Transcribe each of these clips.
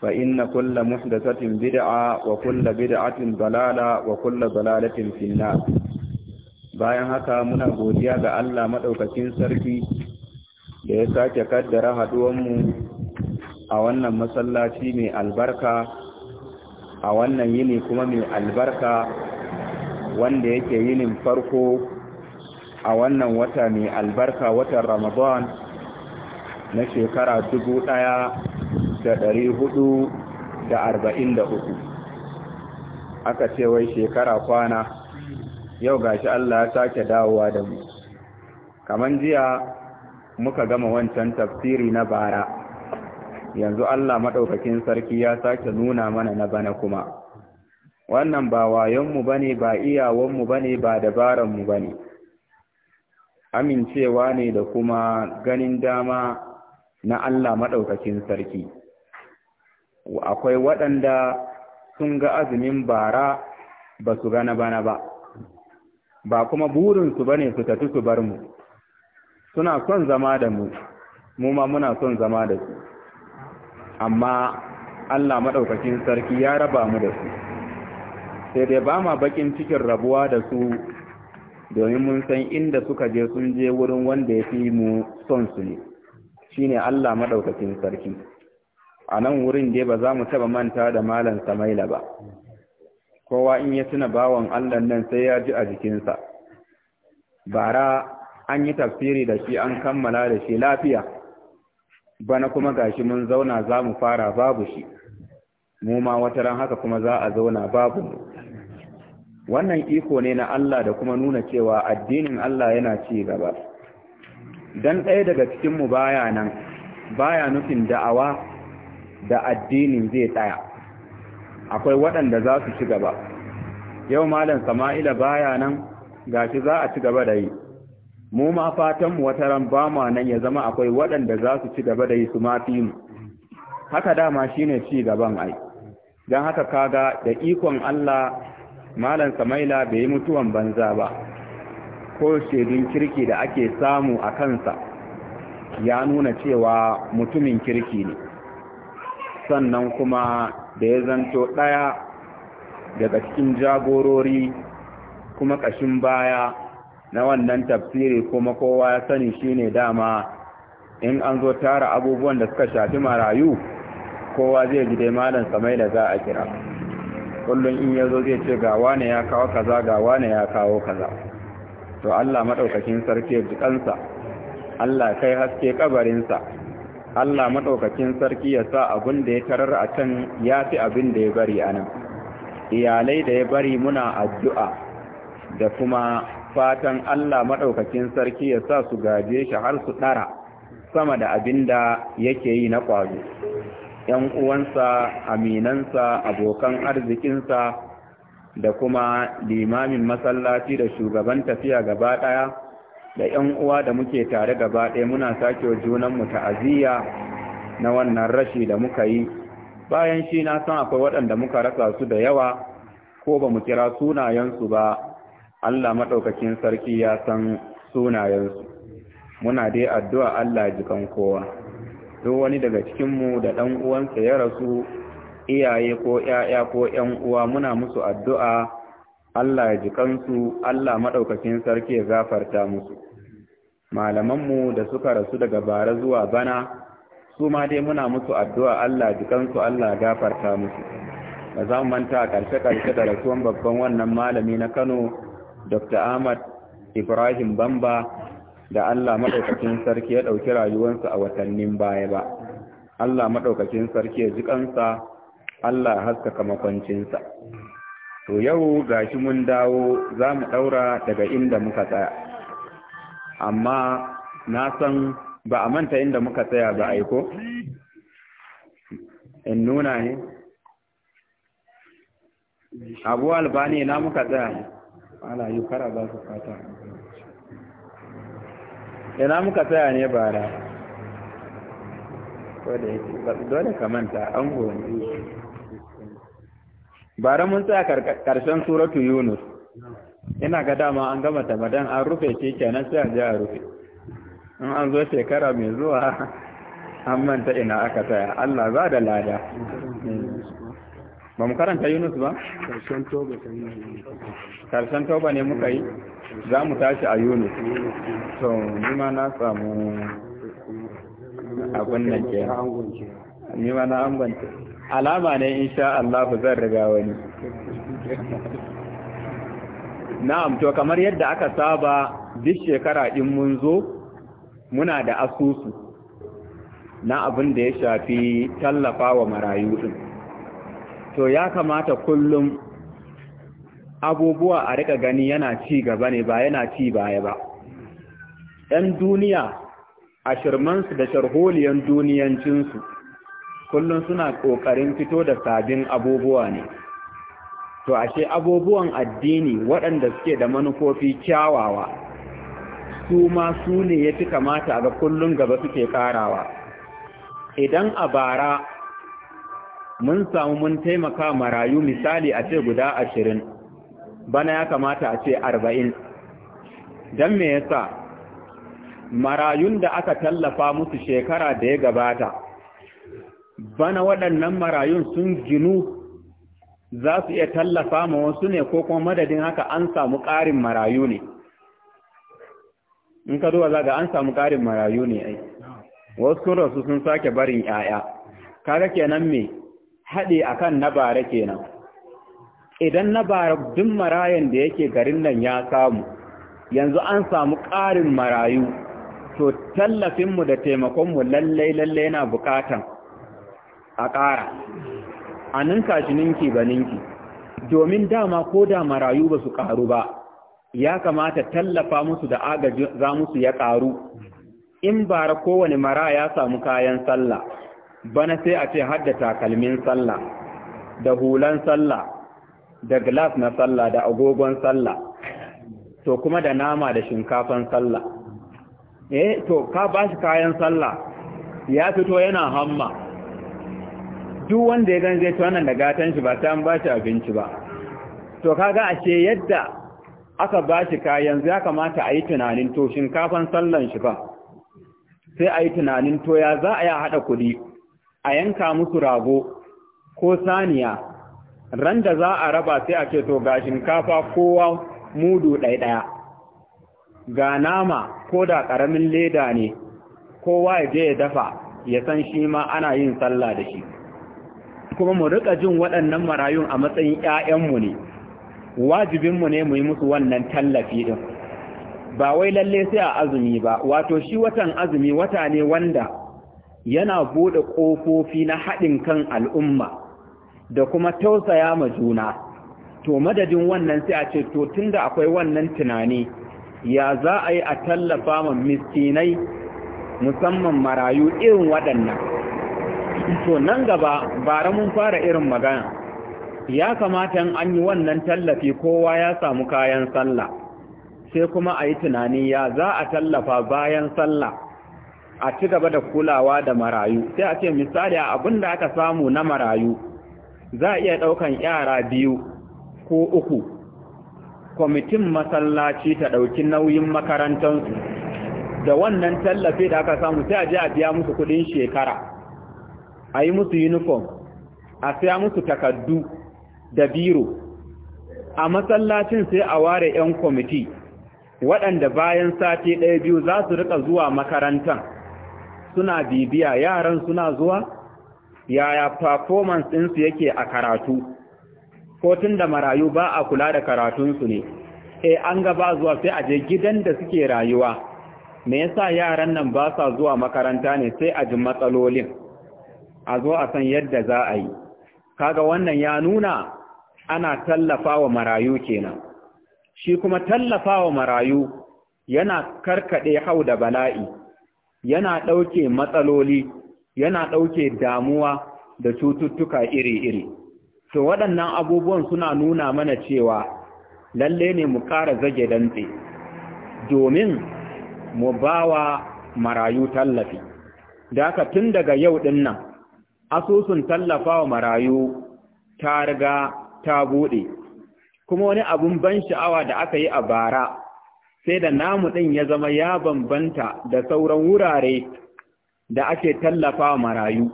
فإن كل محدثة بدعة وكل بدعة ضلالة وكل ضلالة في النار bayan haka muna godiya ga Allah madaukakin sarki da ya sake kaddara haduwanmu a wannan masallaci mai albarka a wannan yini kuma mai albarka wanda yake yinin farko a wannan wata mai albarka watan Ramadan na shekara dubu ɗaya da ɗari hudu da arba'in da uku aka ce wai shekara kwana yau ga shi Allah ya sake dawowa da mu kaman jiya muka gama wancan tafsiri na bara yanzu Allah maɗaukakin sarki ya sake nuna mana na bana kuma wannan ba wayonmu ba ne ba iyawanmu ba ne ba dabaranmu ba ne amincewa ne da kuma ganin dama na Allah maɗaukakin sarki akwai waɗanda sun ga azumin bara ba su gana bana ba ba kuma burinsu ba ne su tafi su bar mu suna son zama da mu mu ma muna son zama da su amma Allah maɗaukakin sarki ya raba mu da su sai dai ba ma baƙin cikin rabuwa da su domin mun san inda suka je sun je wurin wanda ya fi mu son su ne shine Allah maɗaukakin sarki a nan wurin dai ba za mu taba manta da malam samaila ba kowa in ya tuna bawan allah nan sai ya ji a jikinsa bara an yi tafsiri da shi an kammala da shi lafiya bana kuma gashi mun zauna za mu fara babu shi mu ma wata ran haka kuma za a zauna babu wannan iko ne na Allah da kuma nuna cewa addinin Allah yana ci gaba dan ɗaya daga cikin mu baya nan baya nufin da'awa da addinin zai tsaya akwai waɗanda za su ci gaba yau malam sama'ila baya nan ga shi za a ci gaba da yi mu ma fatan mu wata ran ba mu nan ya zama akwai waɗanda za su ci gaba da yi su ma fi mu haka dama shine ci gaban ai dan haka kaga da ikon Allah malam Samaila bai yi mutuwan banza ba ko shedin kirki da ake samu a kansa ya nuna cewa mutumin kirki ne sannan kuma da ya zanto ɗaya daga cikin jagorori kuma ƙashin baya na wannan tafsiri kuma kowa ya sani shine dama in an zo tara abubuwan da suka shafi marayu kowa zai ji dai malam samai da za a kira kullum in ya zo zai ce ga wane ya kawo kaza ga wane ya kawo kaza to Allah maɗaukakin sarki ya ji kansa Allah kai haske kabarinsa Allah maɗaukakin sarki ya sa abin da ya tarar a can ya fi abin da ya bari a nan. Iyalai da ya bari muna addu'a da kuma fatan Allah maɗaukakin sarki ya sa su gaje shi har su ɗara sama da abin da yake yi na ƙwazo. ‘Yan uwansa, aminansa, abokan arzikinsa da kuma limamin masallaci da shugaban tafiya gaba ɗaya. da 'yan uwa da muke tare gaba ɗaya muna sake wa junanmu ta'aziyya na wannan rashi da muka yi bayan shi na san akwai waɗanda muka rasa su da yawa ko ba mu kira sunayensu ba Allah maɗaukakin sarki ya san sunayensu muna dai addu'a Allah jikan kowa duk wani daga cikinmu da ɗan uwansa ya rasu iyaye ko ‘ya'ya ko ‘yan uwa muna musu addu'a Allah ya ji kansu Allah maɗaukakin sarki ya gafarta musu malamanmu da suka rasu daga bara zuwa bana su ma dai muna musu addu'a Allah ji kansu Allah ya gafarta musu ba za mu manta a ƙarshe-ƙarshe da rasuwan babban wannan malami na Kano Dr. Ahmad Ibrahim Bamba da Allah maɗaukakin sarki ya ɗauki rayuwarsa a watannin baya ba Allah maɗaukakin sarki ya ji kansa Allah haskaka makwancinsa to yau gashi mun dawo za mu ɗaura daga inda muka tsaya amma na san ba a manta inda muka tsaya ba aiko in nuna ne abu albani na muka tsaya ala yi kara ba su fata ina muka tsaya ne bara dole ka manta an goni bara mun tsaya karshen suratu yunus ina ga dama an gama tamadan an rufe shi kenan sai a je a rufe in an zo shekara mai zuwa an manta ina aka tsaya Allah za da lada ba mu karanta yunus ba? karshen toba ne muka yi za mu tashi a yunus to nima na samu abin nan ke ma na ambanta. alama ne sha Allah zan riga wani na'am to kamar yadda aka saba duk shekara in mun zo muna da asusu na abin da ya shafi tallafa wa marayu din to ya kamata kullum abubuwa a rika gani yana ci gaba ne ba yana ci baya ba Yan duniya a shirmansu da sharholiyan duniyancinsu kullum suna ƙoƙarin fito da sabbin abubuwa ne to ashe abubuwan addini waɗanda suke da manufofi kyawawa su ma su ne ya fi kamata ga kullum gaba suke ƙarawa idan a bara mun samu mun taimaka marayu misali a ce guda ashirin bana ya kamata a ce arba'in don me yasa marayun da aka tallafa musu shekara da ya gabata bana waɗannan marayun sun ginu za su iya tallafa ma wasu ne ko kuma madadin haka an samu ƙarin marayu ne in ka zuwa za ga an samu ƙarin marayu ne ai wasu rasu sun sake barin 'ya'ya kaga kenan me haɗe akan na bara kenan idan na bara duk marayan da yake garin nan ya samu yanzu an samu ƙarin marayu to tallafinmu da taimakonmu lallai lallai yana buƙatan a ƙara a nan shi ninki ba ninki domin dama ko da marayu ba su ƙaru ba ya kamata tallafa musu da agaji za musu ya ƙaru in bara kowane mara ya samu kayan sallah bana sai a ce hadda takalmin sallah da hulan sallah da glass na sallah da agogon sallah to kuma da nama da shinkafan sallah eh to ka ba shi kayan sallah ya fito yana hamma duk wanda ya gani zai ci wannan da gatan shi ba ta an ba shi abinci ba to kaga a ce yadda aka ba shi kayan ya kamata a yi tunanin to shinkafan sallan shi ba sai a yi tunanin to ya za a yi haɗa kuɗi a yanka musu rago ko saniya ran da za a raba sai a ce to ga shinkafa kowa mudu ɗaya ga nama ko da ƙaramin leda ne kowa ya je ya dafa ya san shi ma ana yin sallah da shi kuma mu rika jin waɗannan marayun a matsayin ƴaƴanmu ne wajibinmu ne mu yi musu wannan tallafi din ba wai lalle sai a azumi ba wato shi watan azumi wata ne wanda yana bude kofofi na haɗin kan al'umma da kuma tausaya ma juna to madadin wannan sai a ce to tunda akwai wannan tunani ya za a yi a tallafa ma miskinai musamman marayu irin waɗannan to nan gaba bara mun fara irin magana ya kamata an yi wannan tallafi kowa ya samu kayan sallah sai kuma a yi tunani ya za a tallafa bayan sallah a ci gaba da kulawa da marayu sai a ce misali a abin da aka samu na marayu za a iya ɗaukan yara biyu ko uku kwamitin masallaci ta ɗauki nauyin makarantansu da wannan tallafi da aka samu sai a je a biya musu kuɗin shekara a yi musu uniform a siya musu takardu da biro a masallacin sai a ware 'yan kwamiti waɗanda bayan sati ɗaya biyu za su rika zuwa makarantan suna bibiya yaran suna zuwa yaya performance ɗinsu yake a karatu ko tun da marayu ba a kula da karatunsu ne e an gaba zuwa sai a je gidan da suke rayuwa me yasa yaran nan ba sa zuwa makaranta ne sai a ji matsalolin a zo a san yadda za a yi kaga wannan ya nuna ana tallafawa marayu kenan shi kuma tallafawa marayu yana karkade hau da bala'i yana ɗauke matsaloli yana ɗauke damuwa da cututtuka iri-iri to waɗannan abubuwan suna nuna mana cewa lalle ne mu ƙara zage dantse domin mu bawa marayu tallafi da tun daga yau ɗin nan asusun tallafawa marayu ta riga ta buɗe, kuma wani abun ban sha'awa da aka yi a bara sai da namu ɗin ya zama ya bambanta da sauran wurare da ake tallafawa marayu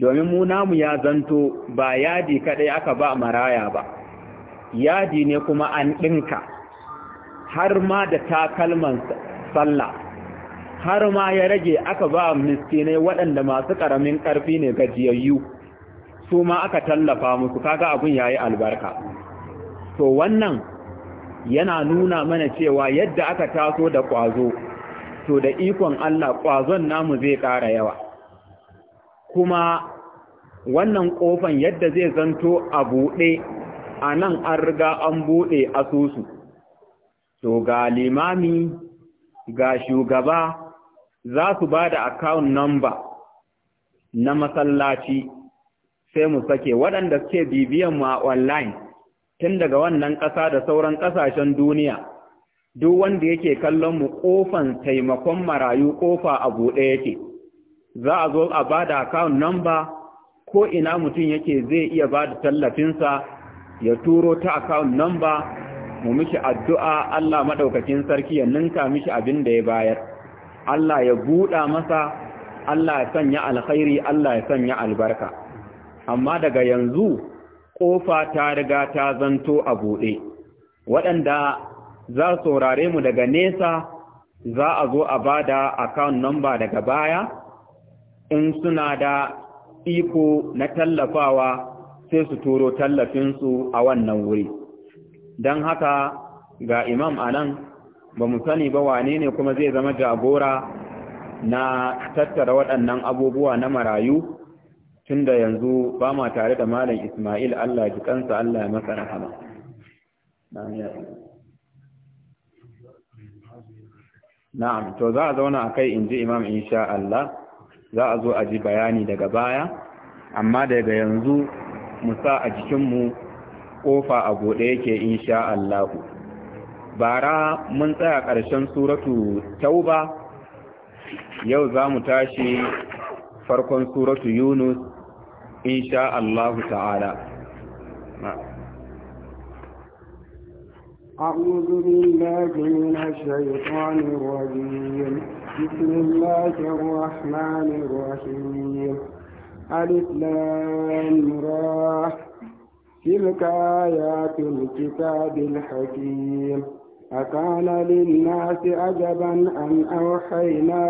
domin mu namu ya zanto ba yadi kaɗai aka ba maraya ba yadi ne kuma an ɗinka, har ma da takalman sallah har ma ya rage aka ba miskine waɗanda masu ƙaramin ƙarfi ne gajiyayyu su ma aka tallafa musu kaga abun yayi albarka to wannan yana nuna mana cewa yadda aka taso da ƙwazo to da ikon Allah ƙwazon namu zai ƙara yawa kuma wannan ƙofan yadda zai zanto a buɗe a nan an riga an buɗe asusu to ga limami ga shugaba za su ba da account number na masallaci sai mu sake waɗanda suke bibiyan mu a online tun daga wannan ƙasa da sauran ƙasashen duniya duk wanda yake kallon mu ƙofan taimakon marayu ƙofa a buɗe yake za a zo a ba da account number ko ina mutum yake zai iya ba da tallafinsa ya turo ta account number mu mishi addu'a Allah maɗaukakin sarki ya ninka mishi abin da ya bayar. Allah ya buɗa masa Allah ya sanya alkhairi Allah ya sanya albarka amma daga yanzu ƙofa ta riga ta zanto a buɗe waɗanda za saurare mu daga nesa za a zo a ba da account number daga baya in suna da iko na tallafawa sai su turo tallafinsu a wannan wuri don haka ga imam anan ba mu sani ba wane ne kuma zai zama jagora na tattara waɗannan abubuwa na marayu tun da yanzu ba ma tare da malam Ismail Allah ji kansa Allah ya masa rahama. Na'am, to za a zauna a kai in ji imam insha Allah, za a zo a ji bayani daga baya, amma daga yanzu musa a jikinmu ƙofa a buɗe yake insha Allahu. bara mun tsaya ƙarshen suratu tauba yau za mu tashi farkon suratu yunus insha Allah ta'ala أعوذ بالله من الشيطان الرجيم بسم الله الرحمن الرحيم ألف لام تلك آيات الكتاب الحكيم أكان للناس عجبا أن أوحينا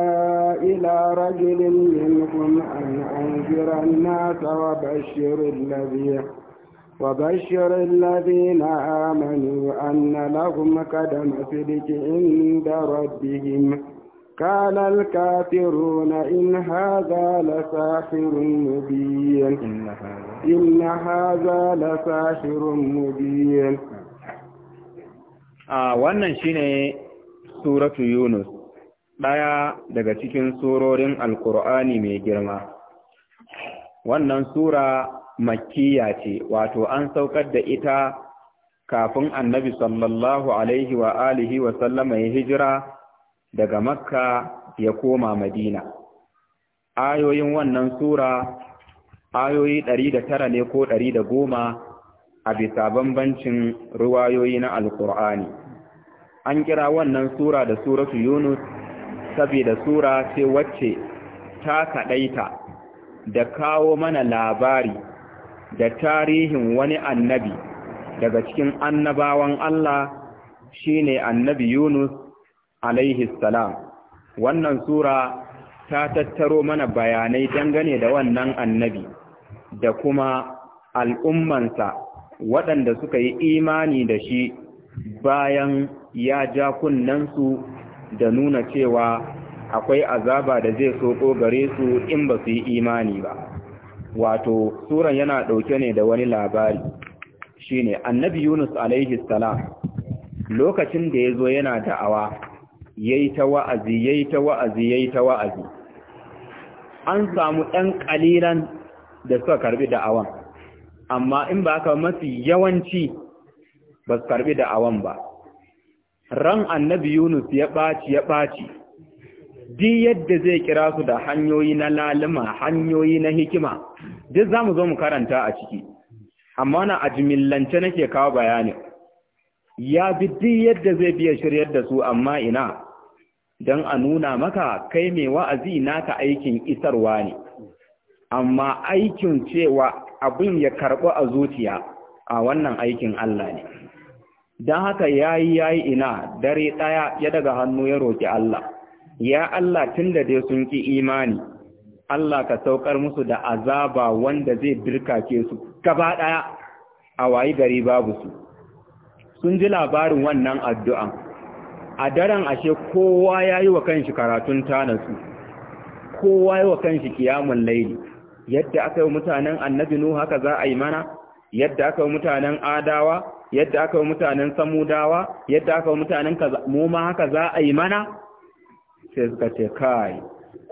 إلى رجل منهم أن أنذر الناس وبشر الذين وبشر الذين آمنوا أن لهم قدم صدق عند ربهم قال الكافرون إن هذا لساحر مبين إن هذا لساحر مبين A'a, wannan shine suratu yunus ɗaya daga cikin surorin alkur'ani mai girma wannan sura makkiya ce wato an saukar da ita kafin annabi sallallahu alaihi wa alihi wa sallama ya hijira daga makka ya koma madina ayoyin wannan sura ayoyi ɗari da tara ne ko ɗari da goma a bisa bambancin ruwayoyi na alkur'ani an kira wannan sura da suratu yunus saboda sura ce wacce ta kaɗaita da kawo mana labari da tarihin wani annabi daga cikin annabawan Allah shine annabi yunus alaihi salam wannan sura ta tattaro mana bayanai dangane da wannan annabi da kuma al'ummansa waɗanda suka yi imani da shi bayan ya ja su da nuna cewa akwai azaba da zai soko gare su in ba su yi imani ba wato suran yana ɗauke ne da wani labari shine annabi yunus alaihi salam lokacin da ya zo yana da'awa yayi ta wa'azi yayi ta wa'azi yayi ta wa'azi an samu ɗan ƙalilan da suka karbi da'awan amma in ba haka mafi yawanci ba su karbi da awan ba ran annabi yunus ya ɓaci ya ɓaci Di yadda zai kira su da hanyoyi na lalima hanyoyi na hikima duk za mu zo mu karanta a ciki amma na a jimillance nake kawo bayani ya bi duk yadda zai biya shiryar da su amma ina don a nuna maka kai mai wa'azi naka aikin isarwa ne amma aikin cewa abin ya karɓi a zuciya a wannan aikin Allah ne don haka ya yi ya yi ina dare ɗaya ya daga hannu ya roƙi Allah ya Allah tun da dai sun ƙi imani Allah ka saukar musu da azaba wanda zai birkake su gaba ɗaya a wayi gari babu su sun ji labarin wannan addu'an a daren ashe kowa ya yi wa kanshi karatun tanasu kowa ya yi wa kanshi kiyamun laili yadda aka yi mutanen annabi nu haka za a yi mana yadda aka yi mutanen adawa yadda aka yi mutanen samudawa yadda aka yi mutanen kaza mu ma haka za a yi mana sai suka ce kai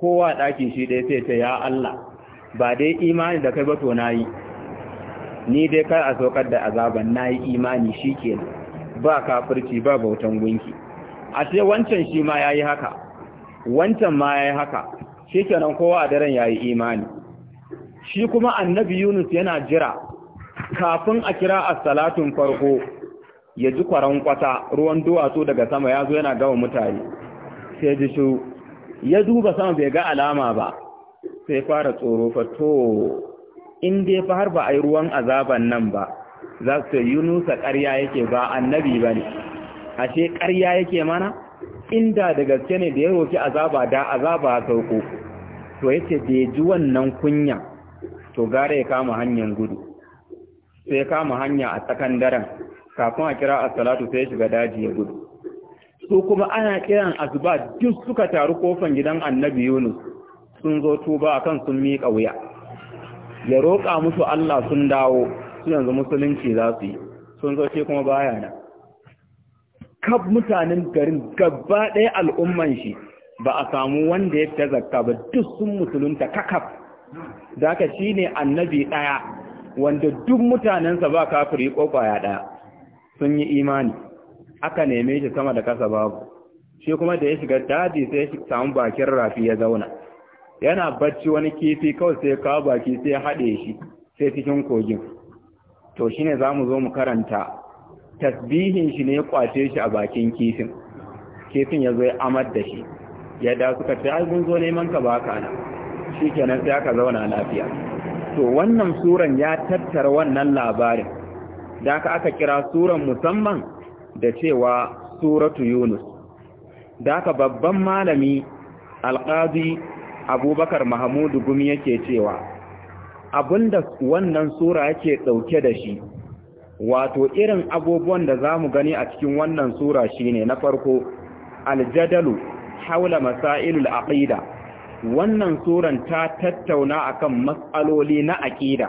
kowa ɗakin shi dai sai ce ya Allah ba dai imani da kai ba to nayi ni dai kai a saukar da azaban nayi imani shikenan ba kafirci ba bautan gunki a ce wancan shi ma yayi haka wancan ma yayi haka shikenan kowa a daren yayi imani shi kuma annabi Yunus yana jira kafin a kira a salatun farko ya ji kwaran kwata ruwan duwatsu daga sama ya zo yana gawa mutane sai ji shi ya duba sama bai ga alama ba sai fara tsoro fa to in dai fa har ba a yi ruwan azaban nan ba za su yi yunusa ƙarya yake ba annabi ba ne ashe ƙarya yake mana inda da gaske ne da ya roki azaba da azaba sauko to yace bai ji wannan kunya to gara ya kama hanyar gudu sai ya kama hanya a tsakan daren kafin a kira a salatu sai ya shiga daji ya gudu su kuma ana kiran azuba duk suka taru kofan gidan annabi Yunus sun zo tuba akan sun miƙa wuya ya roƙa musu Allah sun dawo su yanzu musulunci za su yi sun zo ce kuma baya na kab mutanen garin gaba ɗaya al'umman shi ba a samu wanda ya ta zakka ba duk sun musulunta kakaf da shi ne annabi ɗaya. wanda duk mutanensa ba kafiri ko ƙwaya ɗaya. sun yi imani aka neme shi sama da kasa babu shi kuma da ya shiga daji sai ya samu bakin rafi ya zauna yana bacci wani kifi kawai sai kawo baki sai ya haɗe shi sai cikin kogin to shi ne za mu zo mu karanta tasbihin shi ne ya kwace shi a bakin kifin kifin ya zo ya amar da shi yadda suka ce ai mun zo neman ka ka na shi kenan sai aka zauna lafiya to wannan suran ya tattara wannan labarin da aka kira suran musamman da cewa suratu yunus da aka babban malami alƙazi abubakar mahamudu gumi yake cewa abinda wannan sura yake ɗauke da shi wato irin abubuwan da za mu gani a cikin wannan sura shine na farko aljadalu haula masailul aqida wannan suran ta tattauna akan matsaloli na aƙida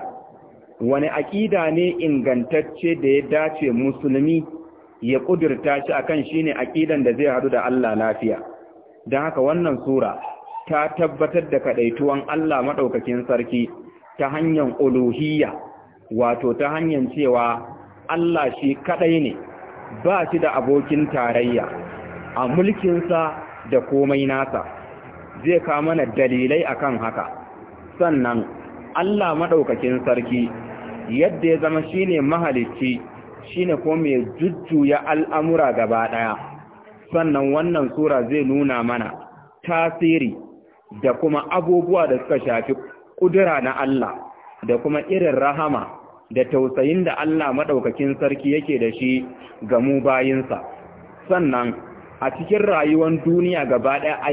wani aƙida ne ingantacce da ya dace musulmi ya ƙudurta shi akan shine aƙidan da zai haɗu da Allah lafiya don haka wannan sura ta tabbatar da kaɗaituwan Allah maɗaukakin sarki ta hanyar uluhiyya wato ta hanyar cewa Allah shi kaɗai ne ba shi da abokin tarayya a mulkinsa da komai nasa zai kawo mana dalilai akan haka sannan Allah maɗaukakin sarki yadda ya zama shine mahalicci shine ko mai jujjuya al'amura gaba ɗaya sannan wannan sura zai nuna mana tasiri da kuma abubuwa da suka shafi ƙudura na Allah da kuma irin rahama da tausayin da Allah maɗaukakin sarki yake da shi ga mu bayinsa sannan a cikin rayuwar duniya gaba ɗaya a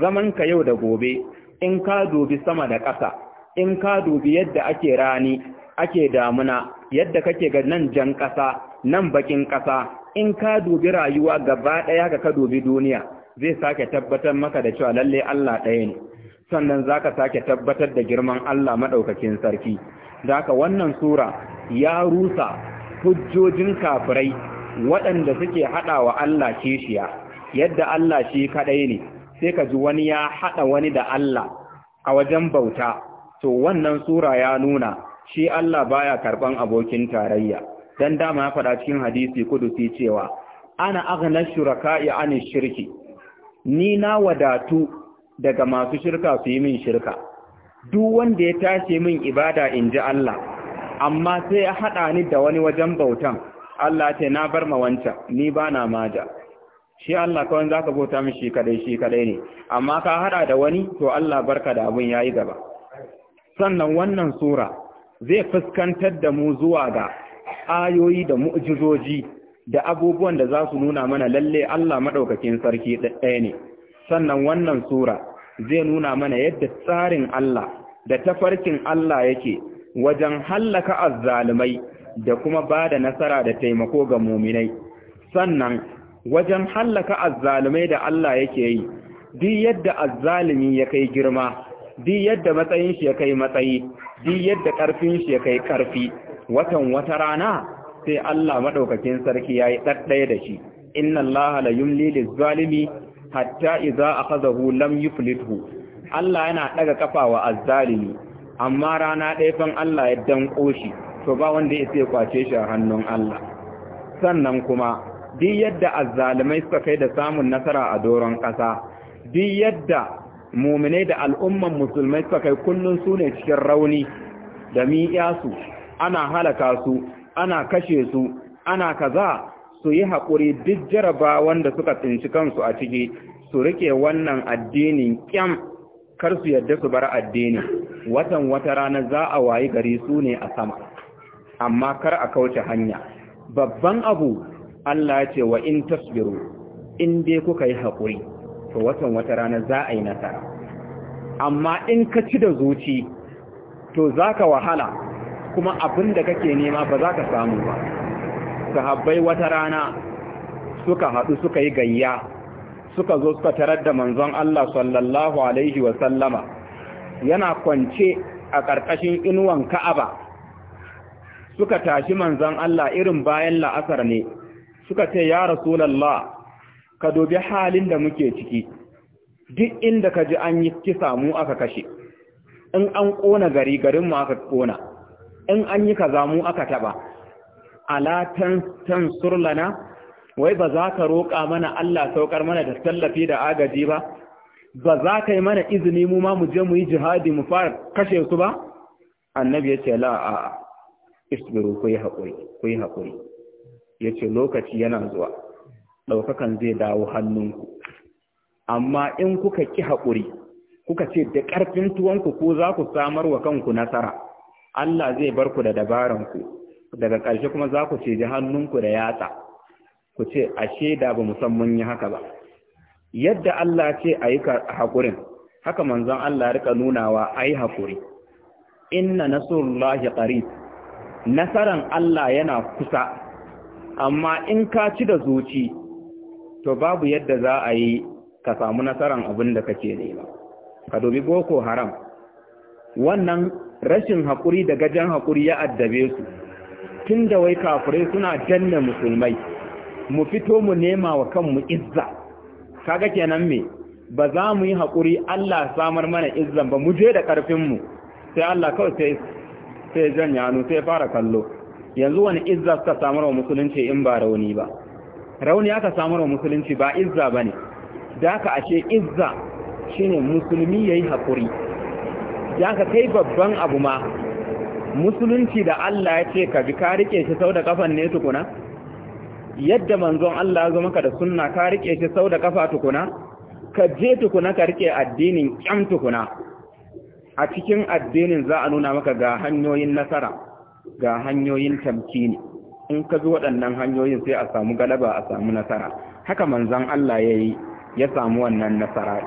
zaman ka yau da gobe in ka dubi sama da ƙasa in ka dubi yadda ake rani ake damuna yadda kake ga nan jan ƙasa nan bakin ƙasa in ka dubi rayuwa gaba ɗaya ga ka dubi duniya zai sake tabbatar maka da cewa lalle Allah ɗaya ne sannan za ka sake tabbatar da girman Allah maɗaukakin sarki da wannan sura ya rusa hujjojin kafirai waɗanda suke haɗa wa Allah kishiya yadda Allah shi kadai ne sai ka ji wani ya haɗa wani da Allah a wajen bauta to wannan sura ya nuna shi Allah baya karɓan abokin tarayya dan dama ya faɗa cikin hadisi kudusi cewa ana aghna shuraka'i ani shirki ni na wadatu daga masu shirka su yi min shirka duk wanda ya tashi min ibada in ji Allah amma sai ya haɗa ni da wani wajen bautan Allah ce na bar ma wancan ni ba na maja shi Allah kawai za ka bauta min shi kadai shi kadai ne amma ka hada da wani to Allah barka da abin yayi gaba sannan wannan sura zai fuskantar da mu zuwa ga ayoyi da mu'ujizoji da abubuwan da za su nuna mana lalle Allah madaukakin sarki ɗaya ne sannan wannan sura zai nuna mana yadda tsarin Allah da tafarkin Allah yake wajen hallaka azzalumai da kuma ba da nasara da taimako ga muminai sannan wajen hallaka azzalumai da Allah yake yi duk yadda azzalumi ya kai girma duk yadda matsayin shi ya kai matsayi duk yadda karfin shi ya kai karfi watan wata rana sai Allah madaukakin sarki yayi daddaye da shi inna Allah la yumli lizzalimi hatta idza akhadahu lam yuflithu Allah yana daga kafa wa azzalimi amma rana ɗaya fan Allah ya danko shi to ba wanda ya sai kwace shi a hannun Allah sannan kuma Di yadda azzalumai suka kai da samun nasara a doron ƙasa Di yadda muminai da al'umman musulmai suka kai kullun su ne cikin rauni da miyasu su ana halaka su ana kashe su ana kaza su yi haƙuri duk jaraba wanda suka tsinci kansu a ciki su rike wannan addinin kyam kar su yadda su bar addini watan wata rana za a wayi gari su ne a sama amma kar a kauce hanya babban abu Allah ya ce wa in tasbiru in dai kuka yi haƙuri to watan wata rana za a yi nasara amma in ka ci da zuci to za wahala kuma abin da kake nema ba za ka samu ba sahabbai wata rana suka haɗu suka yi gayya suka zo suka tarar da manzon Allah sallallahu alaihi sallama yana kwance a ƙarƙashin inuwan ka'aba suka tashi manzon Allah irin bayan la'asar ne suka ce ya rasulallah ka dobi halin da muke ciki duk inda ka ji an yi kisa mu aka kashe in an ƙona gari garinmu aka ƙona in an yi kaza mu aka taɓa ala tan surlana wai ba za ka roƙa mana Allah saukar mana da tallafi da agaji ba ba za ka yi mana izini mu ma mu je mu yi jihadi mu fara kashe su ba annabi ya ce la a isbiru ku yi haƙuri ku yi haƙuri ya ce lokaci yana zuwa ɗaukakan zai dawo hannunku amma in kuka ƙi haƙuri kuka ce da ƙarfin tuwonku ko za ku samar wa kanku nasara Allah zai bar ku da dabaranku daga ƙarshe kuma za ku ce ji hannunku da yatsa ku ce ashe da ba musamman yi haka ba yadda Allah ce a yi haƙurin haka manzon Allah rika nunawa a yi haƙuri inna nasurullahi ƙarif nasaran Allah yana kusa amma in ka ci da zuci to babu yadda za a yi ka samu nasaran abin da kake nema ka dubi boko haram wannan rashin hakuri da gajen hakuri ya addabe su tun da wai kafirai suna danna musulmai mu fito mu nema wa kanmu izza kaga kenan me ba za mu yi hakuri Allah samar mana izzan ba mu je da mu sai Allah kawai sai sai jan yanu sai fara kallo yanzu wani izza suka samar wa musulunci in ba rauni ba rauni aka samar wa musulunci ba izza ba ne da aka ashe izza shine musulmi ya yi haƙuri da aka kai babban abu ma musulunci da Allah ya ce ka bi ka riƙe shi sau da ƙafan ne tukuna yadda manzon Allah ya zo maka da sunna ka riƙe shi sau da ƙafa tukuna ka je tukuna ka riƙe addinin ƙyam tukuna a cikin addinin za a nuna maka ga hanyoyin nasara ga hanyoyin tamkini in ka zo waɗannan hanyoyin sai a samu galaba a samu nasara haka manzan Allah ya yi ya samu wannan nasara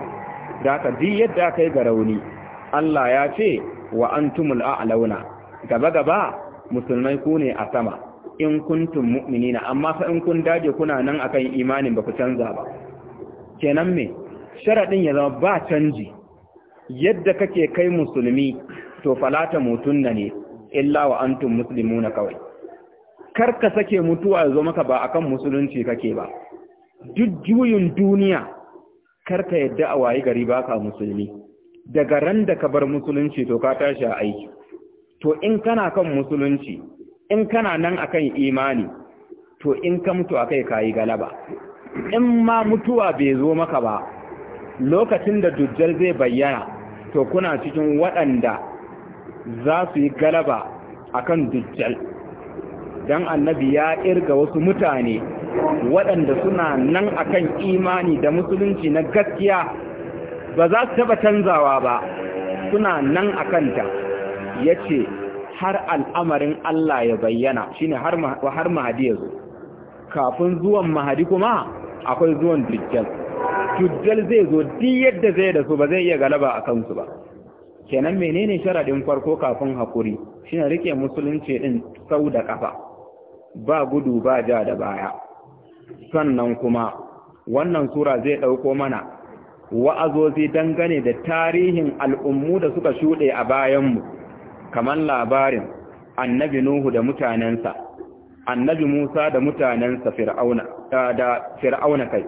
da ka ji yadda kai ga rauni Allah ya ce wa antumul a'launa gaba gaba musulmai ku ne a sama in kuntum mu'minina amma fa in kun dage kuna nan akan imanin ba ku canza ba kenan me Sharaɗin ya zama ba canji yadda kake kai musulmi to falata mutunna ne illa wa antum muslimuna kawai kar ka sake mutuwa ya zo maka ba akan musulunci kake ba duk juyin duniya karka ka yadda a wayi gari ba ka musulmi daga ran da ka bar musulunci to ka tashi a aiki to in kana kan musulunci in kana nan akan imani to in ka mutu akai kayi galaba in ma mutuwa bai zo maka ba lokacin da dujjal zai bayyana to kuna cikin waɗanda za su yi galaba akan dujjal Don annabi ya irga wasu mutane waɗanda suna nan akan imani da musulunci na gaskiya ba za su taba canzawa ba suna nan akan ta ce har al'amarin Allah ya bayyana shine har har mahadi zo? kafin zuwan mahadi kuma akwai zuwan dujjal dujjal zai zo duk yadda zai da su ba zai iya galaba a kansu ba kenan menene sharadin farko kafin hakuri shine rike musulunci din sau da kafa ba gudu ba ja da baya sannan kuma wannan sura zai dauko mana wa'azozi dangane da tarihin al'ummu da suka shuɗe a bayanmu, kamar labarin annabi Nuhu da mutanensa, annabi Musa da mutanensa da fir'auna kai,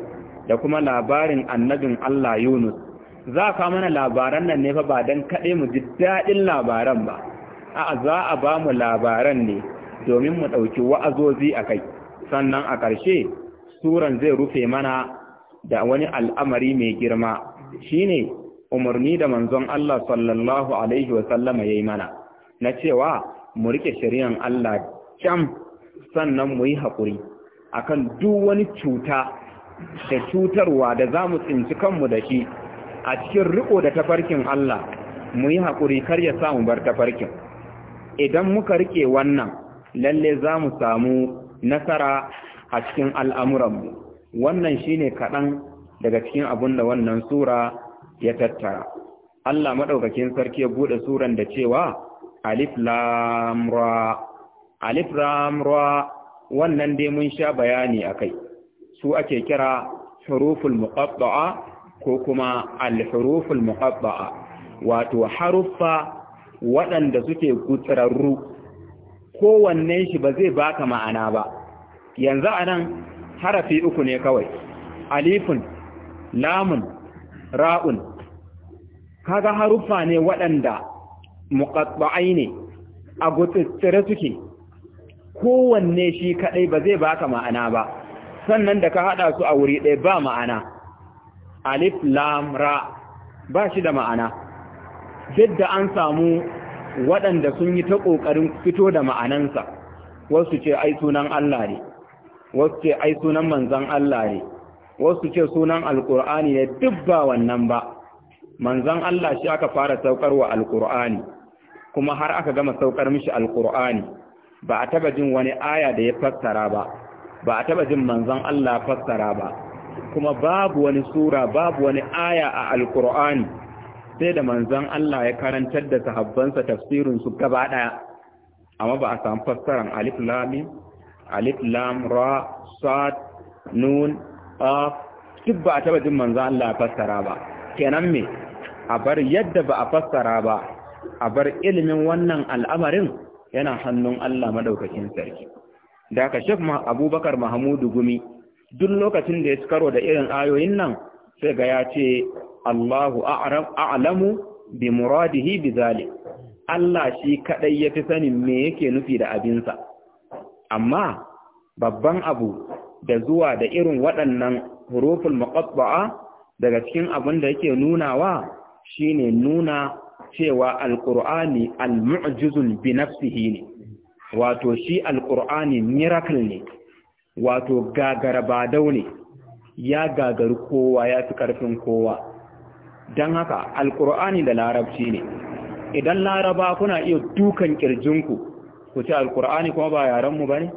da kuma labarin annabin Allah Yunus za a ka mana labaran nan ne fa ba don kaɗai mu ji daɗin labaran ba a za a ba mu labaran ne domin mu ɗauki wa'azozi a kai sannan a ƙarshe suran zai rufe mana da wani al'amari mai girma Shi ne umarni da manzon Allah sallallahu alaihi wasallama ya yayi mana na cewa mu rike shari'an Allah kyam sannan mu yi haƙuri A kan duk wani cuta da cutarwa da za mu tsinci kanmu da shi a cikin riko da tafarkin Allah mu yi haƙuri kar ya samu bar tafarkin idan muka rike wannan lalle za mu samu nasara a cikin al'amuranmu wannan shine kaɗan daga cikin abin da wannan sura ya tattara Allah maɗaukakin sarki ya buɗe suran da cewa alif lam alif lam wannan dai mun sha bayani a kai, su ake kira huruful muqatta'a ko kuma al-huruful muqatta'a wato harufa waɗanda suke gutsararru kowanne shi ba zai baka ma'ana ba yanzu anan harafi uku ne kawai alifun lamun ra'un kaga harufa ne waɗanda muqatta'ai ne a gutsire suke kowanne shi kadai ba zai baka ma'ana ba sannan da ka hada su a wuri ɗaya ba ma'ana alif lam ra ba shi da ma'ana duk da an samu waɗanda sun yi ta ƙoƙarin fito da ma'anansa wasu ce ai sunan Allah ne wasu ce ai sunan manzan Allah ne wasu ce sunan alƙur'ani ne duk ba wannan ba manzan Allah shi aka fara saukarwa alƙur'ani kuma har aka gama saukar mishi alƙur'ani ba a taba jin wani aya da ya fassara ba ba a taba jin manzan Allah fassara ba kuma babu wani sura babu wani aya a alkur'ani sai da manzan Allah ya karantar da sahabbansa tafsirin su gaba daya amma ba a samu fassaran alif lam alif lam ra sad nun a duk ba a taba jin manzon Allah ya fassara ba kenan me a bar yadda ba a fassara ba a bar ilimin wannan al'amarin yana hannun Allah madaukakin sarki da ka shek abubakar mahamudu gumi duk lokacin da ya ci da irin ayoyin nan sai ga ya ce Allahu a'lamu bi muradihi bi zalim Allah shi kadai yafi sanin me yake nufi da abinsa amma babban abu da zuwa da irin waɗannan huruful muqatta'a daga cikin abin da yake nunawa shine nuna cewa alqur'ani almu'jizun bi nafsihi ne wato shi alqur'ani miracle ne wato gagara ba daune ya gagari kowa ya fi ƙarfin kowa don haka alkur'ani da larabci ne idan laraba kuna iya dukan ƙirjinku ku ce alkur'ani kuma ba yarenmu ba ne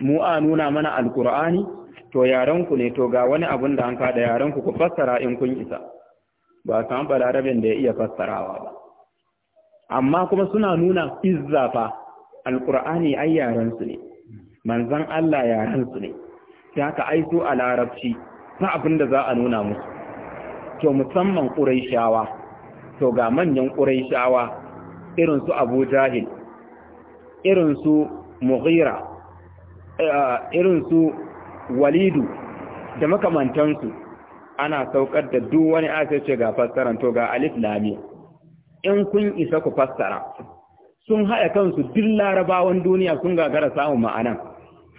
mu a nuna mana alkur'ani to yarenku ne to ga wani abin da an kada yarenku ku fassara in kun isa ba san Larabin da ya iya fassarawa ba amma kuma suna nuna izzafa alƙur'ani ai yarensu ne manzan Allah yarensu ne sai aka aiso a larabci na abin da za a nuna musu to musamman ƙuraishawa to ga manyan ƙuraishawa su abu jahil su mughira eh, su walidu da makamantansu ana saukar da duk wani asirce ga fassaran to ga alif lami in kun isa ku fassara sun haɗa kansu duk larabawan duniya sun gagara samun ma'anan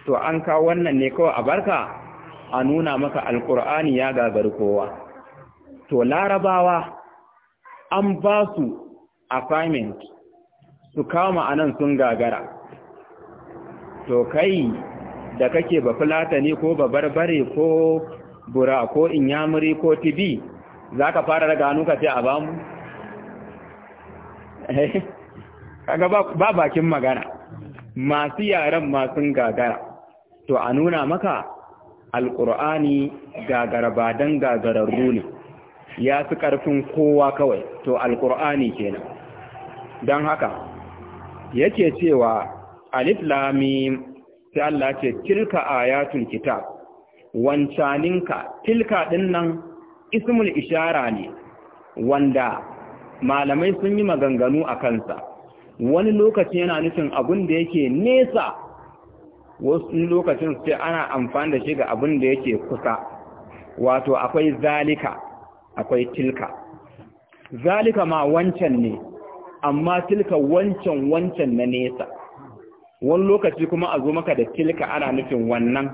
to an kawo wannan ne kawai a barka a nuna maka alkur'ani ya gagari kowa to larabawa an ba su assignment su kama nan sun gagara to kai da kake ba fulatani ko ba barbare ko bura ko inyamuri ko tibi za ka fara daga hannu ka ce a bamu? Eh, kaga ba bakin magana masu yaren masu gagara to a nuna maka alƙur'ani gagarabadan gagararru ne ya fi ƙarfin kowa kawai to alƙur'ani kenan don haka yake cewa alif lamim sai Allah ce tilka ayatul kitab wancaninka tilka nan ismul ishara ne wanda malamai sun yi maganganu a kansa wani lokaci yana nufin abun da yake nesa wasu lokacin sai ana amfani da shi ga abin da yake kusa wato akwai zalika akwai tilka zalika ma wancan ne amma tilka wancan wancan na nesa wani lokaci kuma a zo maka da tilka ana nufin wannan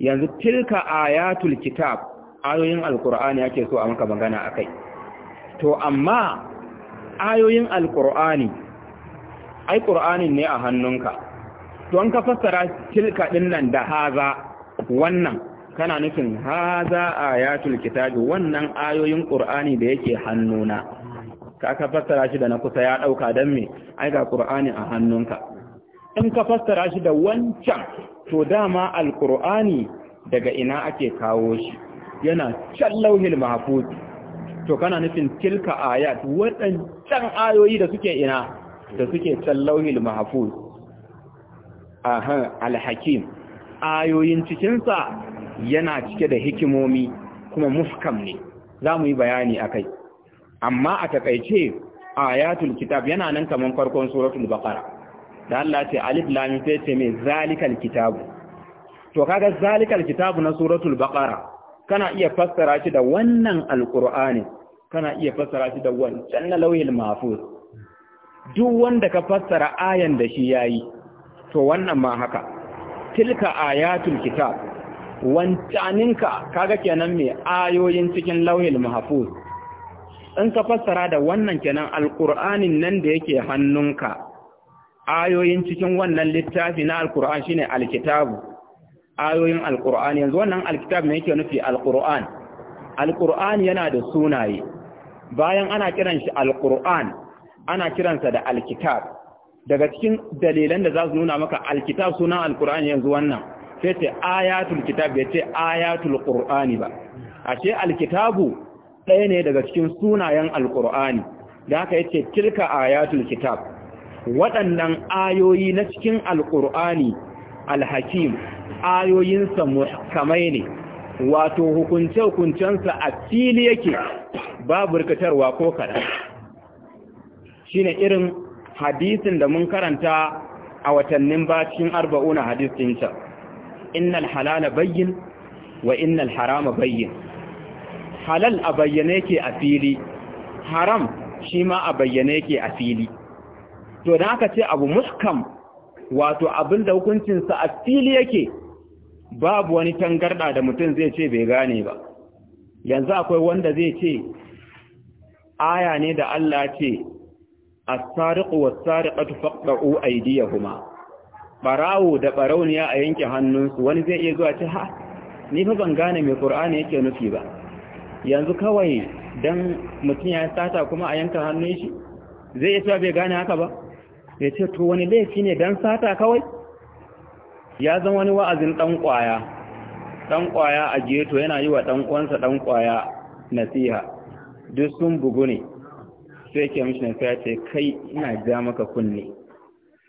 yanzu tilka ayatul kitab ayoyin alkur'ani ake so a maka magana akai to amma ayoyin alkur'ani ai qur'anin ne a hannunka to an ka fassara tilka din nan da haza wannan kana nufin haza ayatul kitabi wannan ayoyin qur'ani da yake hannuna ka ka fassara shi da na kusa ya dauka dan me ai ga qur'ani a hannunka in ka fassara shi da wancan to dama alqur'ani daga ina ake kawo shi yana can lauhil mahfuz to kana nufin tilka ayat wadannan ayoyi da suke ina da suke can lauhil mahfuz aha alhakim ayoyin cikinsa yana cike da hikimomi kuma muhkam ne za mu yi bayani a kai amma a takaice ayatul kitab yana nan kamar farkon suratul baqara da Allah ce alif lam sai ce mai zalikal kitabu to kaga zalikal kitabu na suratul baqara kana iya fassara shi da wannan alqur'ani kana iya fassara shi da wancan na lauhil mahfuz duk wanda ka fassara ayan da shi yayi to wannan ma haka tilka ayatul kitab wancaninka kaga kenan mai ayoyin cikin lauhil mahfuz in ka fassara da wannan kenan alqur'anin nan da yake hannunka ayoyin cikin wannan littafi na alqur'an shine alkitabu ayoyin alqur'ani yanzu wannan alkitab ne yake nufi alqur'an alqur'an yana da sunaye bayan ana kiran shi alqur'an ana kiransa da alkitab daga cikin dalilan da za su nuna maka alkitab sunan alkur'ani yanzu wannan sai ce ayatul kitab ya ce ayatul qur'ani ba ashe alkitabu ɗaya ne daga cikin sunayen alkur'ani da haka yace tilka ayatul kitab waɗannan ayoyi na cikin alkur'ani alhakim ayoyinsa muhkamai ne wato hukunce-hukuncensa a fili yake babu rikitarwa ko kaɗan shine irin hadisin da mun karanta a watannin bacin arba'una hadisinsa innal halala bayyin wa innal harama bayyin halal a bayyane ke a fili haram shi ma a bayyane ke a fili to da aka ce abu muskam wato abin da hukuncinsa a fili yake babu wani tangarda da mutum zai ce bai gane ba yanzu akwai wanda zai ce aya ne da Allah ce as-sariqu was-sariqatu faqta'u kuma. Ɓarawo da barauniya a yanke hannunsu wani zai iya zuwa ce ha ni fa ban gane me qur'ani yake nufi ba yanzu kawai don mutum ya sata kuma a yanka hannun shi zai iya cewa bai gane haka ba ya ce to wani laifi ne dan sata kawai ya zan wani wa'azin ɗan ƙwaya. Ɗan ƙwaya a geto yana yi wa ɗan uwansa dan kwaya nasiha duk sun bugu ne sai yake mishi nasiha ce kai ina ja maka kunne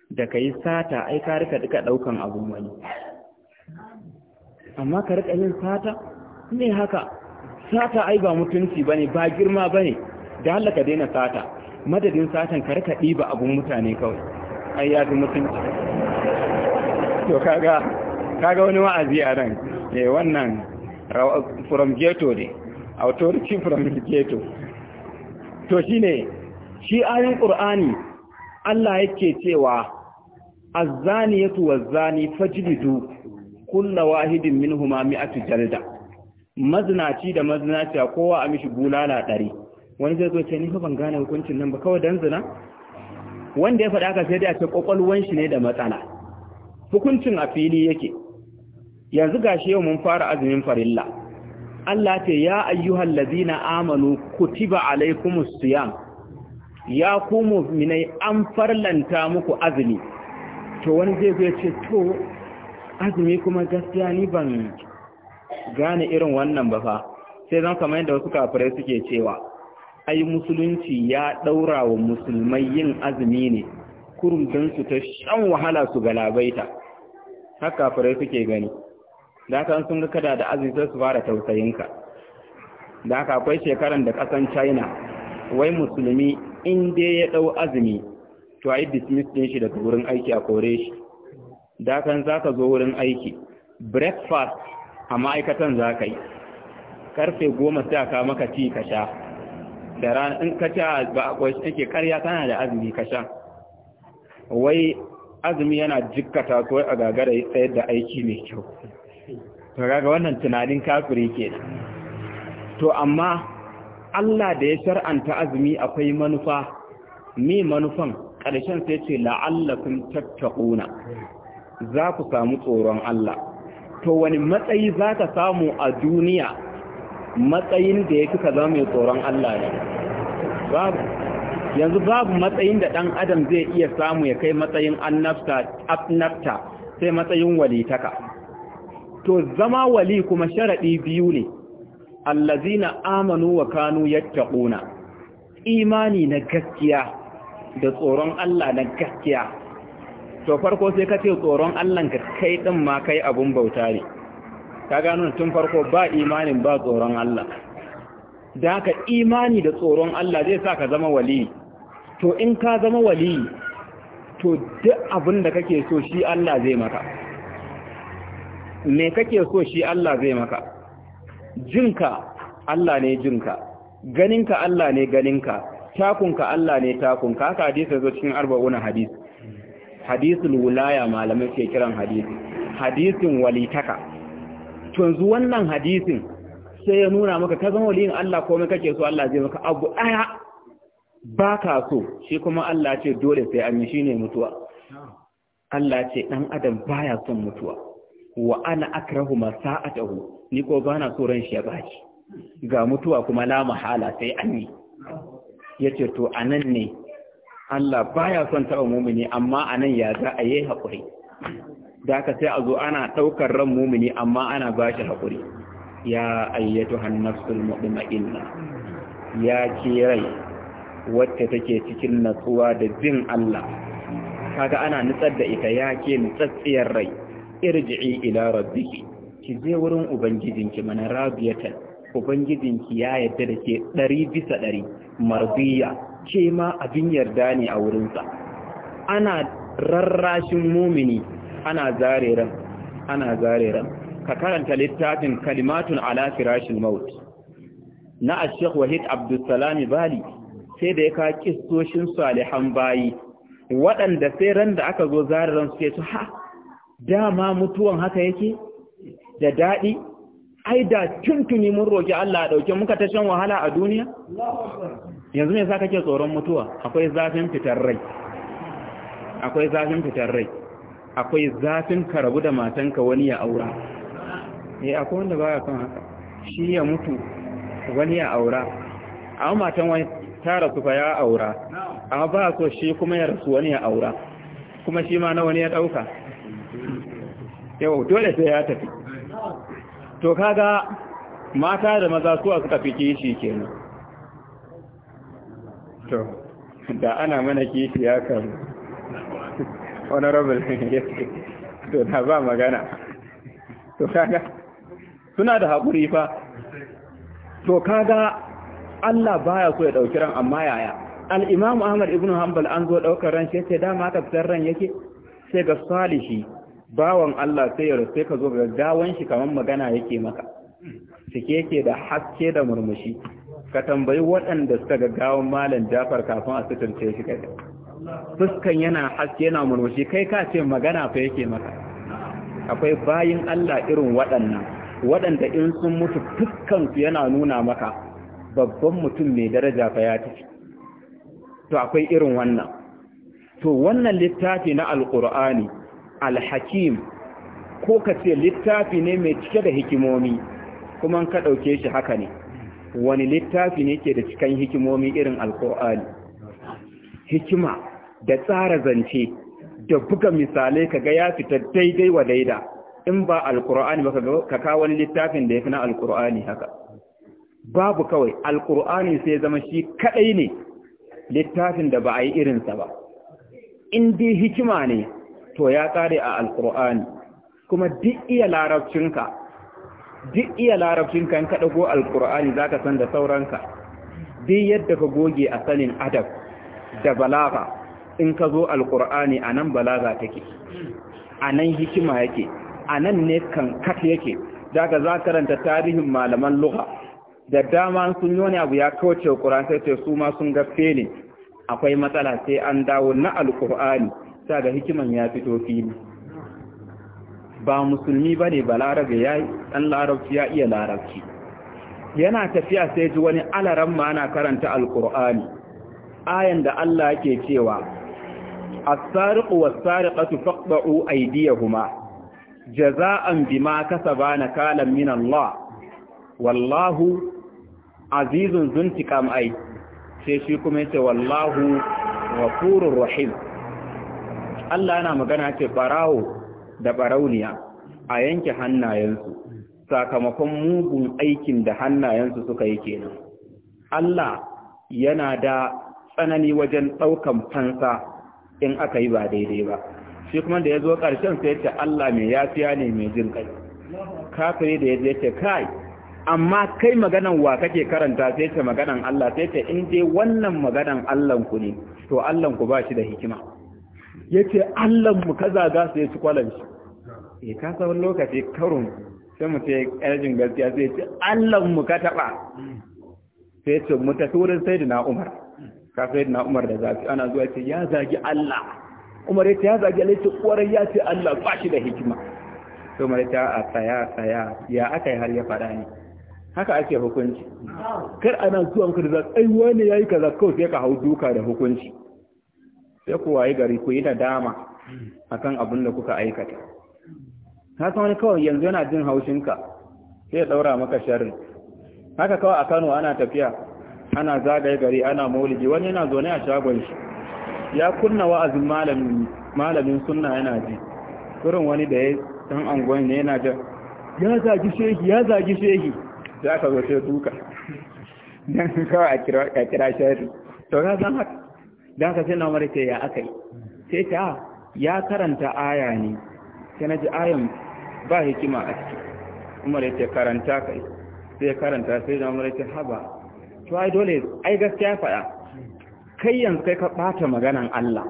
da ka yi sata ai ka rika duka ɗaukan abun wani amma ka rika yin sata ne haka sata ai ba mutunci ba ne ba girma ba ne da ka daina sata madadin satan ka rika ɗiba abun mutane kawai ai ya fi mutunci to kaga kaga wani wa'azi a nan eh wannan from ghetto ne authority from ghetto to shi ne, shi ayin ƙur'ani Allah yake cewa azzani ya tuwa zani fajibidu kulla wahidin minhuma mi'atu jalda mazinaci da mazinaci a kowa a mishi bulala ɗari wani zai zo ce ni ban gane hukuncin nan ba kawai don zina wanda ya faɗa haka sai da a ce ƙwaƙwalwan shi ne da matsala hukuncin a fili yake yanzu gashi yau mun fara azumin farilla Allah ce ya ayyuhal ladina amanu kutiba alaikumus siyam ya ku mu'minai an farlanta muku azumi to wani zai zai ce to azumi kuma gaskiya ni ban gane irin wannan ba fa sai zan kamar yadda wasu kafirai suke cewa ai musulunci ya daura wa musulmai yin azumi ne kurum don su ta shan wahala su galabaita haka kafirai suke gani da haka sun ga kada da azumi su fara tausayinka da haka akwai shekaran da kasan china wai musulmi in dai ya dau azumi to ayi dismiss din shi daga wurin aiki a kore shi da haka za ka zo wurin aiki breakfast a ma'aikatan za ka yi karfe goma sai ka maka ci ka sha da rana in ka sha ba a kwashi ake karya kana da azumi ka sha wai azumi yana jikkata ko a gagara tsayar da aiki mai kyau to kaga wannan tunanin kafiri kenan to amma Allah da ya shar'anta azumi akwai manufa me manufan ƙarshen sai ce la'allakum tattaquna za ku samu tsoron Allah to wani matsayi za ka samu a duniya matsayin da ya kuka zama mai tsoron Allah ne babu yanzu babu matsayin da ɗan adam zai iya samu ya kai matsayin annabta sai matsayin walitaka to zama wali kuma sharaɗi biyu ne allazina amanu wa kanu yattaquna imani na gaskiya da tsoron Allah na gaskiya to farko sai ka ce tsoron Allah ka kai din ma kai abun bauta ne ka gano tun farko ba imanin ba tsoron Allah da haka imani da tsoron Allah zai sa ka zama wali to in ka zama wali to duk abin da kake so shi Allah zai maka me kake so shi Allah zai maka jinka Allah ne jinka ganinka Allah ne ganinka takunka Allah ne takunka haka hadisi zo cikin arba'una hadisi hadisul wulaya malamai ke kiran hadisi hadisin walitaka tunzu wannan hadisin sai ya nuna maka ka zama waliyin Allah komai kake so Allah zai maka abu ba baka so shi kuma Allah ce dole sai an yi shine mutuwa Allah ce dan adam baya son mutuwa wa ana akrahu sa'atahu ni ko bana so ran shi ya baki ga mutuwa kuma la mahala sai an yace to anan ne Allah baya son taɓa mumini amma anan ya za a yi haƙuri da ka sai a zo ana ɗaukar ran mumini amma ana ba shi haƙuri ya ayyatu hannafsul mu'minna ya ke rai wacce take cikin natsuwa da jin Allah kaga ana nutsar da ita ya ke nutsatsiyar rai irji'i ila rabbiki ki je wurin ubangijinki mana rabiyatan ubangijinki ya yarda da ke ɗari bisa ɗari marbiya ke ma abin yarda ne a wurinsa ana rarrashin mumini ana zare ran ana zare ran ka karanta littafin kalimatun ala firashil maut na ashekh wahid abdussalam bali sai da ya ka kistoshin salihan bayi waɗanda sai ran da aka zo zare ran suke su ha dama mutuwan haka yake da daɗi ai da tuntuni mun roƙi Allah a ɗauke muka ta shan wahala a duniya yanzu me ka ke tsoron mutuwa akwai zafin fitar rai akwai zafin fitar rai akwai zafin karabu da matanka wani ya aura eh akwai wanda baya kan haka shi ya mutu wani ya aura amma matan wani ta rasu fa ya aura amma ba so shi kuma ya rasu wani ya aura kuma shi ma na wani ya ɗauka yau dole sai ya tafi to kaga mata da maza su a suka fi shi kenan to da ana mana kishi ya kan honorable to da ba magana to kaga suna da haƙuri fa to kaga Allah baya so ya ɗauki ran amma yaya al-Imam Ahmad ibn Hanbal an zo daukar ran sai ce dama ka fitar ran yake sai ga salihi bawan Allah sai ya rufe ka zo ga gawan shi kamar magana yake maka cike yake da haske da murmushi ka tambayi waɗanda suka ga malam Jafar kafin a sutunce shi kai fuskan yana haske yana murmushi kai ka ce magana fa yake maka akwai bayin Allah irin waɗannan waɗanda in sun mutu fuskan su yana nuna maka babban mutum mai daraja fa ya tafi to akwai irin wannan to wannan littafi na alqur'ani alhakim ko ka ce littafi ne mai cike da hikimomi kuma ka ɗauke shi haka ne wani littafi ne ke da cikin hikimomi irin alko'ani hikima da tsara zance da buga misalai kaga ya fita daidai wa daida in ba alkur'ani ba ka kawo wani littafin da ya fi na alkur'ani haka babu kawai alkur'ani sai zama shi kadai ne littafin da ba a yi irinsa ba in dai hikima ne to ya kare a alkur'ani kuma duk iya larabcinka duk iya larabcinka in ka dago alkur'ani zaka san da sauranka duk yadda ka goge a sanin adab da balaga in ka zo alkur'ani anan balaga take anan hikima yake anan ne kan kat yake daga za karanta tarihin malaman lugha da dama sun yi wani abu ya kawace wa sai su ma sun ga felin akwai matsala sai an dawo na alkur'ani Saga ga hikiman ya fito fili ba musulmi bane ne ba larabe ya larabci ya iya larabci yana tafiya sai ji wani alaran ma karanta alkur'ani ayan da Allah ke cewa as-sariqu was-sariqatu faqta'u aydiyahuma jaza'an bima na kalan min Allah wallahu azizun zuntiqam ay sai shi kuma yace wallahu ghafurur rahim Allah yana magana ce barawo da barauniya a yanke hannayensu sakamakon mugun aikin da hannayensu suka yi kenan Allah yana da tsanani wajen ɗaukan fansa in aka yi ba daidai ba shi kuma da ya zo ƙarshen sai ce Allah mai yafiya ne mai jin kai kafiri da ya ce kai amma kai maganan wa kake karanta sai ce maganan Allah sai ce in dai wannan maganan Allah ne to Allah ba shi da hikima ya ce mu ka zaga su ya ci kwalan shi ya eh, kasa wani lokaci karun sai mu ce ƙarjin gaskiya sai ya ce mu ka taɓa sai ce mu tafi wurin sai da na'umar ka sai da na'umar da zafi ana zuwa ce ya zagi allah umar ya ce ya zagi allah ya ce ƙwarar ya ce allah ba shi da hikima sai umar ya ce a tsaya tsaya ya aka yi har ya faɗa ne haka ake hukunci kar ana zuwa ka da zafi ai wani ya yi kaza kawai sai ka hau duka da hukunci sai ku waye gari ku yi da dama akan abin da kuka aikata ka san wani kawai yanzu yana jin haushinka sai ya daura maka sharri haka kawai a Kano ana tafiya ana zagaye gari ana maulidi wani yana zaune a shagon shi ya kunna wa'azin malamin malamin sunna yana ji kurin wani da ya san angon ne yana jan. ya zagi shehi ya zagi shehi Za ka zo sai duka dan kawai a kira shari to ga zan haka da haka sai na umar ce ya aka yi sai ta ah, ya karanta aya ne sai na ji ayan ba hikima a ciki umar ya ce karanta kai sai karanta sai na umar ya ce haba to ai dole ai gaskiya faɗa kai yanzu kai ka ɓata maganan Allah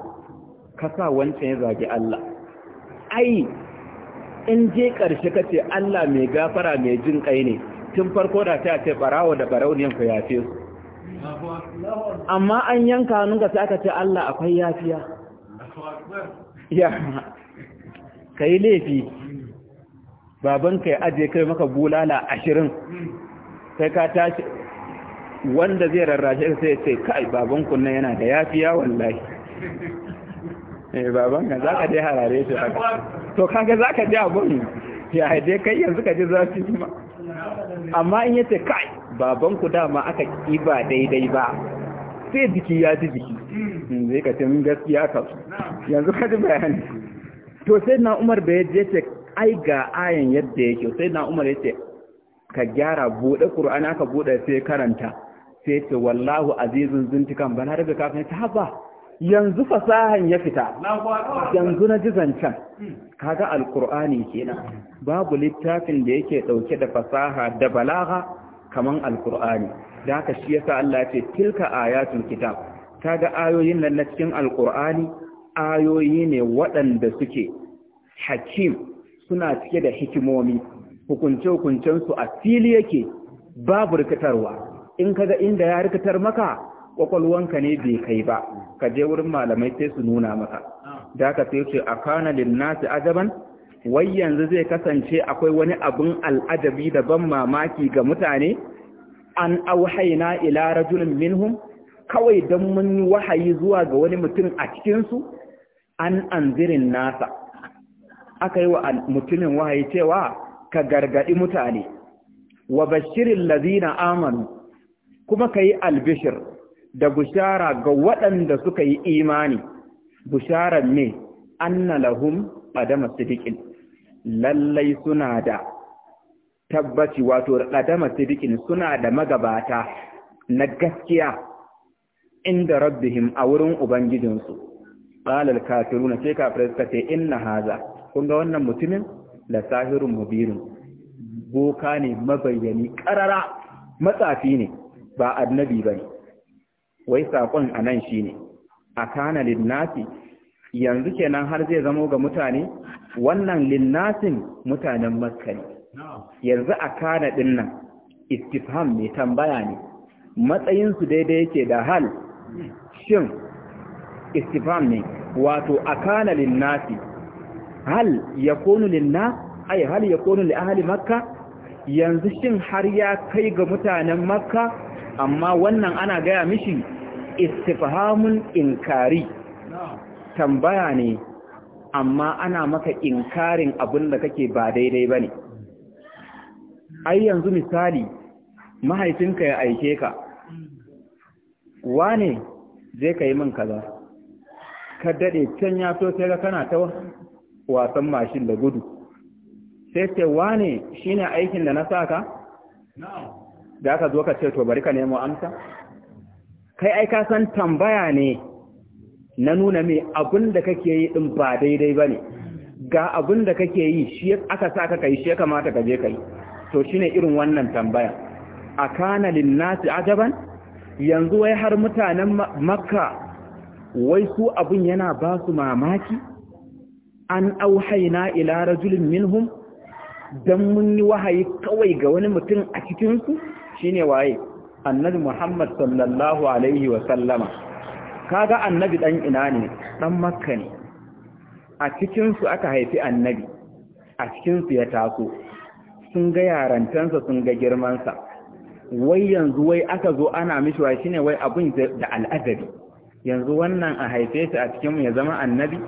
ka sa wancan ya zagi Allah ai in je ƙarshe ka ce Allah mai gafara mai jin ƙai ne tun farko da ta ce ɓarawo da ɓarauniyan ku yafe su amma an yanka hannunka sai aka ce Allah akwai yafiya ya ka yi laifi babanka ya aje kai maka bulala ashirin sai ka tashi wanda zai rarrashe sai ya ce kai babanku nan yana da yafiya wallahi eh babanka za ka dai harare shi haka to kaga za ka ji abin ya haide kai yanzu ka ji zafi ma amma in yace kai babanku dama aka ki ba daidai ba sai biki ya ji zai hmm. ka cin gaskiya ka yanzu ka ji bayani to sai na umar bai ya ce ai ga ayan yadda yake sai na umar ya ka gyara buɗe ƙur'ani aka buɗe sai karanta sai ce wallahu azizun zuntukan bana daga kafin ta haba yanzu fasahan ya fita yanzu na ji zancen hmm. kaga alkur'ani kenan babu littafin da yake dauke da fasaha da balaga kaman alkur'ani da haka shi yasa Allah ya ce tilka ayatul kitab kaga ayoyin nan na cikin alkur'ani ayoyi ne waɗanda suke hakim suna cike da hikimomi hukunce hukuncen su a fili yake babu rikitarwa in kaga inda ya rikitar maka kwakwalwanka ne bai kai ba ka je wurin malamai sai su nuna maka da haka sai ce akana linnasi ajaban wai yanzu zai kasance akwai wani abin al'ajabi da ban mamaki ga mutane an auhaina ila rajulin minhum kawai don mun yi wahayi zuwa ga wani mutum a cikinsu an anzirin nasa aka yi wa mutumin wahayi cewa ka gargadi mutane wa bashirin lazina amanu kuma ka yi albishir da bushara ga waɗanda suka yi imani bushara ne annalahum lahum qadama sidiqin lallai suna da tabbaci wato ƙaddamar sidiqin suna da magabata na gaskiya inda rabbihim a wurin ubangijinsu ƙalar kafiruna sai kafirai suka ce inna haza kun wannan mutumin la sahirun mubirun boka ne mabayyani Ƙarara matsafi ne ba annabi bane wai sakon anan shine akana linnasi yanzu kenan har zai zamo ga mutane wannan linnasin mutanen makka ne yanzu a kana din nan istifham ne tambaya ne matsayinsu daidai yake da hal shin istifham ne wato a kana linnasi hal ya konu linna? ai hal ya konu li ahli makka yanzu shin har ya kai ga mutanen makka amma wannan ana gaya mishi istifhamun inkari tambaya ne amma ana maka inkarin abin da kake ba daidai ba ne ai yanzu misali mahaifinka ya aike ka wane zai ka min kaza ka daɗe can ya so sai ga kana ta wasan mashin da gudu sai ce wane shine aikin da na sa ka? da aka zo ka ce to bari ka nemo amsa? kai ai ka san tambaya ne na nuna mai abin da kake yi ɗin ba daidai ba ne ga abin da kake yi shi aka sa ka kai shi ya kamata ka je kai to shi ne irin wannan tambaya a kana linnasi ajaban yanzu wai har mutanen makka wai su abin yana ba su mamaki an auhaina ila rajulin minhum dan mun yi wahayi kawai ga wani mutum a cikinsu shine waye annabi muhammad sallallahu alaihi wa sallama kaga annabi dan ina ne dan makka ne a cikinsu aka haifi annabi a cikinsu ya taso sun ga yarantansa sun ga girmansa wai yanzu wai aka zo ana mishi wa shine wai abun da al'adari. yanzu wannan a haife shi a cikinmu ya zama annabi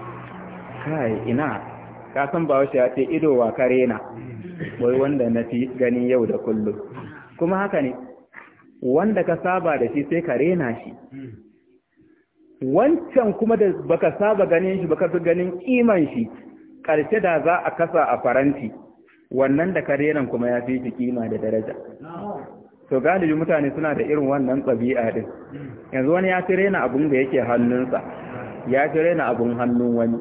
kai ina ka san ba ya ce ido wa kare na wai wanda na fi gani yau da kullum kuma haka ne wanda ka saba da shi sai ka rena shi wancan kuma da baka saba ganin shi baka fi ganin iman shi ƙarshe da za a kasa a faranti wannan da karenan kuma ya fi shi kima da daraja to galibi mutane suna da irin wannan tsabi'a din yanzu wani ya fi rena abun da yake hannunsa ya fi rena abun hannun wani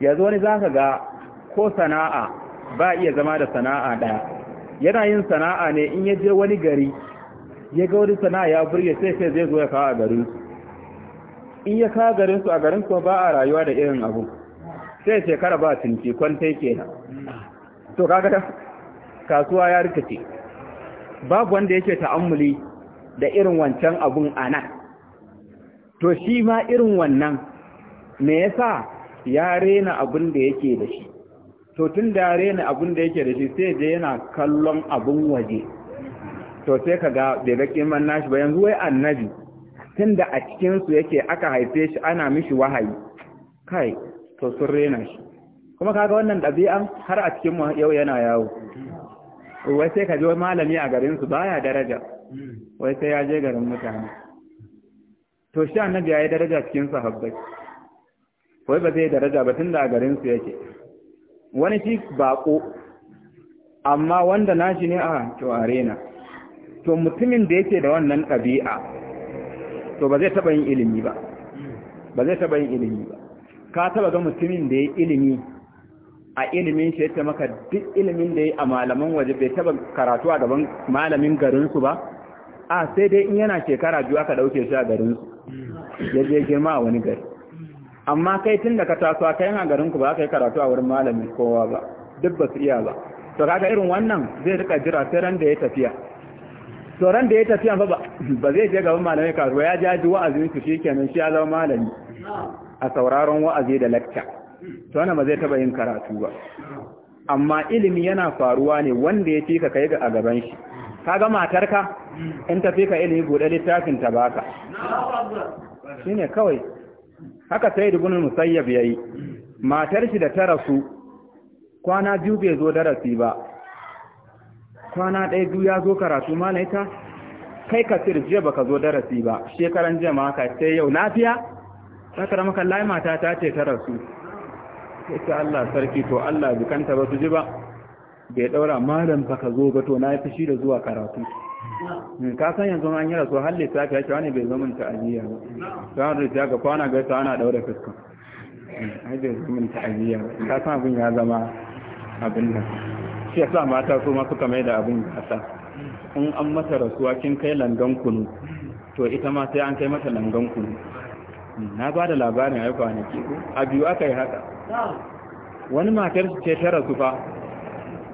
yanzu wani za ka ga ko sana'a ba iya zama da sana'a ɗaya yana yin sana'a ne in ya je wani gari ya ga wani sana'a ya burge sai sai zai zo ya kawo a garinsu in ya ka garinsu. a garin ba a rayuwa da irin abu sai shekara ba tunci kwantai na. to kaga kasuwa ya rikice babu wanda yake ta'ammuli da irin wancan abun ana to shi ma irin wannan me yasa ya rena abun da yake da shi to tun da rena abun da yake da shi sai je yana kallon abun waje to sai kaga bai ga kiman nashi ba yanzu wai annabi tunda a cikinsu yake aka haife shi ana mishi wahayi kai to sun rena shi kuma kaga wannan ɗabi'an har a cikin mu yau yana yawo wai sai ka ji wani malami a garin su baya daraja wai sai ya je garin mutane to shi annabi ya yi daraja cikin sahabbai wai ba zai daraja ba tunda a garin su yake wani shi bako amma wanda nashi ne ah, a to arena to mutumin da yake da wannan ɗabi'a to ba zai taba yin ilimi ba ba zai taba yin ilimi ba ka taba ga mutumin da ya ilimi a ilimin shi ya maka duk ilimin da ya a malaman waje bai taba karatu a gaban malamin garinsu ba a sai dai in yana shekara biyu aka dauke shi a garinsu ya je girma a wani gari amma kai tun da ka taso kai a garinku ba kai yi karatu a wurin malamin kowa ba duk ba su iya ba to kaga irin wannan zai rika jira sai ran da ya tafiya ran da ya tafiya ba ba zai je gaban malamai kasuwa ya jaji wa'azin su shi kenan shi ya zama malami a sauraron wa'azi da lakta to wani ba zai taba yin karatu ba amma ilimi yana faruwa ne wanda ya fi ka kai a gaban shi ka ga matarka in ta ka ilimi buɗe littafin ta baka ne kawai haka sai ibn musayyab yi. matar shi da ta rasu kwana biyu bai zo darasi ba kwana ɗaya duk ya zo karatu ma ita kai ka sir jiya baka zo darasi ba shekaran jiya ma ka sai yau lafiya ta kara maka lai mata ta ce ta rasu Ita Allah sarki to Allah bukanta ba su ji ba bai ɗaura malam ka zo ba to na yi fushi da zuwa karatu hmm, ka san yanzu an yi rasu har lissafi ya ce wani bai zama ajiya ba ta ta ga kwana ta ana daura fuska hmm, ai bai zama ba ka san abin ya zama abin nan shi yasa mata su ma suka mai da abin kasa in an mata rasuwa kin kai langan kunu to ita ma sai an kai mata langan kunu na ba da labarin a yi kwanaki ko a biyu aka yi haka wani matar ce ta rasu fa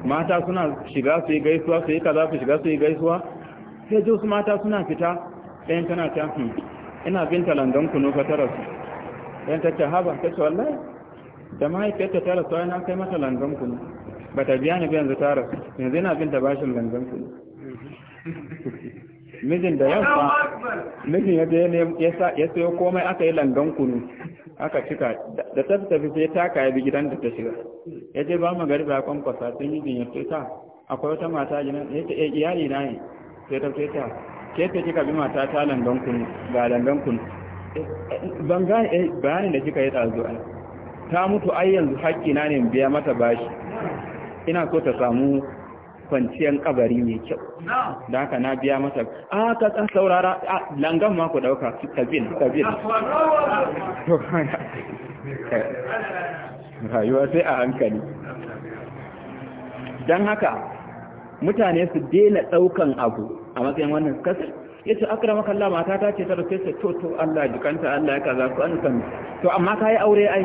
mata suna shiga su yi gaisuwa su yi kaza su shiga su yi gaisuwa sai ji mata suna fita ɗayan tana ta hmm, ina binta langan kunu fa ta rasu ɗayan ta ce haba ta ce wallahi da mahaifiyarta ta rasu na kai mata langan kunu ba ta biya ni biyan zata tara, yanzu yana bin bashin gangan kuɗi mijin da fa mijin ya je ne ya sayo komai aka yi langan kunu aka cika da tafi tafi sai ta kai bi gidan da ta shiga ya je ba ba ya kwasa sai mijin ya ce ta akwai wata mata gidan ya ce eh, iyali na ne sai ta ce ta ke ta kika bi mata ta langan kunu ga langan kunu ban ga eh, bayanin da kika yi tsazo ta mutu ai yanzu haƙƙi na ne biya mata bashi ina so ta samu kwanciyan kabari mai kyau da haka na biya masa a ka san saurara a langan ma ku dauka kabin kabin rayuwa sai a hankali don haka mutane su daina daukan abu a matsayin wannan kasar ya ce akira makalla mata ta ce ta rufe to to Allah dukanta Allah ya kaza ku an san to amma ka yi aure ai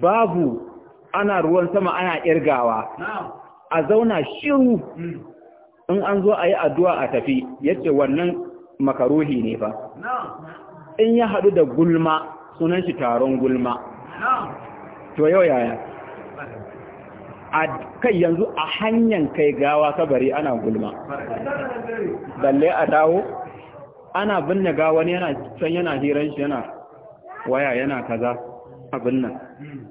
babu ana ruwan sama ana irgawa a zauna shiru mm. in an zo a yi addu'a a tafi yace wannan makaruhi ne fa in ya haɗu da gulma sunan shi taron gulma to yau yaya a kai yanzu a hanyar kai gawa kabari ana gulma balle a dawo ana binne gawa ne yana can yana hiran shi yana waya yana kaza abin nan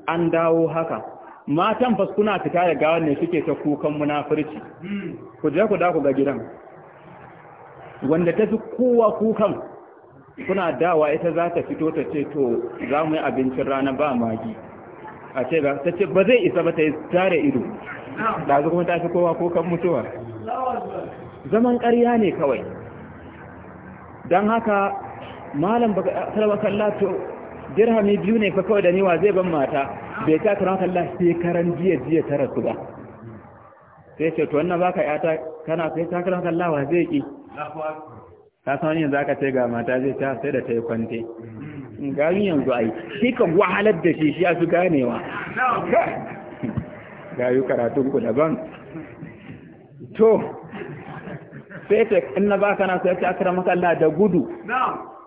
an dawo haka matan fas kuna fita da gawar ne suke ta kukan munafurci ku je ku da ga gidan wanda ta fi kowa kukan kuna dawa ita za ta fito ta ce to za mu yi abincin rana ba magi a ce ba ta ce ba zai isa ba ta yi tare ido da kuma ta fi kowa kukan mutuwa zaman ƙarya ne kawai don haka malam baka talaba kallato dirhami biyu ne fa kawai da niwa zai ban mata bai ta karan kalla sai karan jiya jiya ta rasu ba sai ce to wannan baka yata kana sai ta karan kalla wa zai ki ka san yanzu aka ce ga mata zai ta sai da ta yi kwante gani yanzu ai shi kan wahalar da shi shi a su ganewa ga yi karatun ku daban to sai ta in na ba kana sai ta akramaka kalla da gudu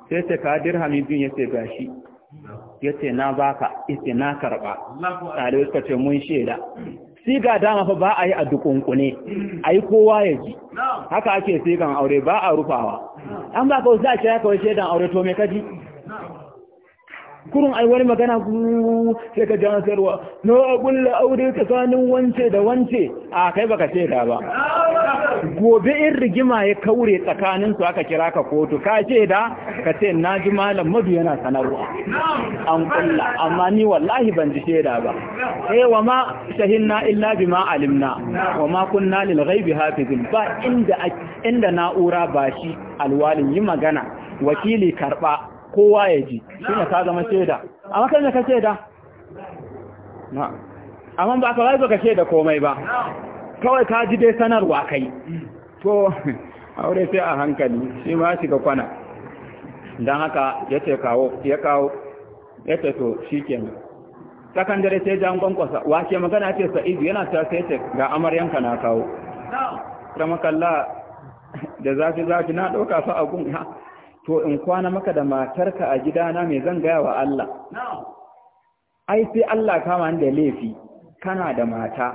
sai ta ka dirhami biyu ya ce gashi ya ce na baka ita na karɓa tare suka ce mun shaida siga dama fa ba a yi a dukunkune a yi kowa ya ji haka ake sigan aure ba a rufawa an ba ka wasu za a ce haka shaidan aure to me kaji kurun ai wani magana ku sai ka jan sayarwa na kulla aure tsakanin wance da wance a kai baka ce ka ba gobe in rigima ya kaure tsakanin su aka kira ka kotu ka ce da ka ce na ji malam madu yana sanarwa an kulla amma ni wallahi ban ji shaida ba eh wa ma shahinna illa bima alimna wa ma kunna lil ghaibi hafizin ba inda inda na'ura ba shi alwalin yi magana wakili karba kowa ya ji shi ne ka zama shaida amma kai ne ka shaida amma ba ka raizo ka shaida komai ba kawai ka ji dai sanarwa kai to aure sai a hankali shi ma shiga kwana don haka ya ce kawo ya kawo ya ce to shi ke nan. sakan dare sai jan kwankwasa wake magana ce sa'idu yana ta sai ce ga amaryanka na kawo ramakalla da zafi zafi na ɗauka fa a gun to in kwana maka da matarka a gidana mai zan gaya wa Allah ai sai Allah kama da laifi kana da mata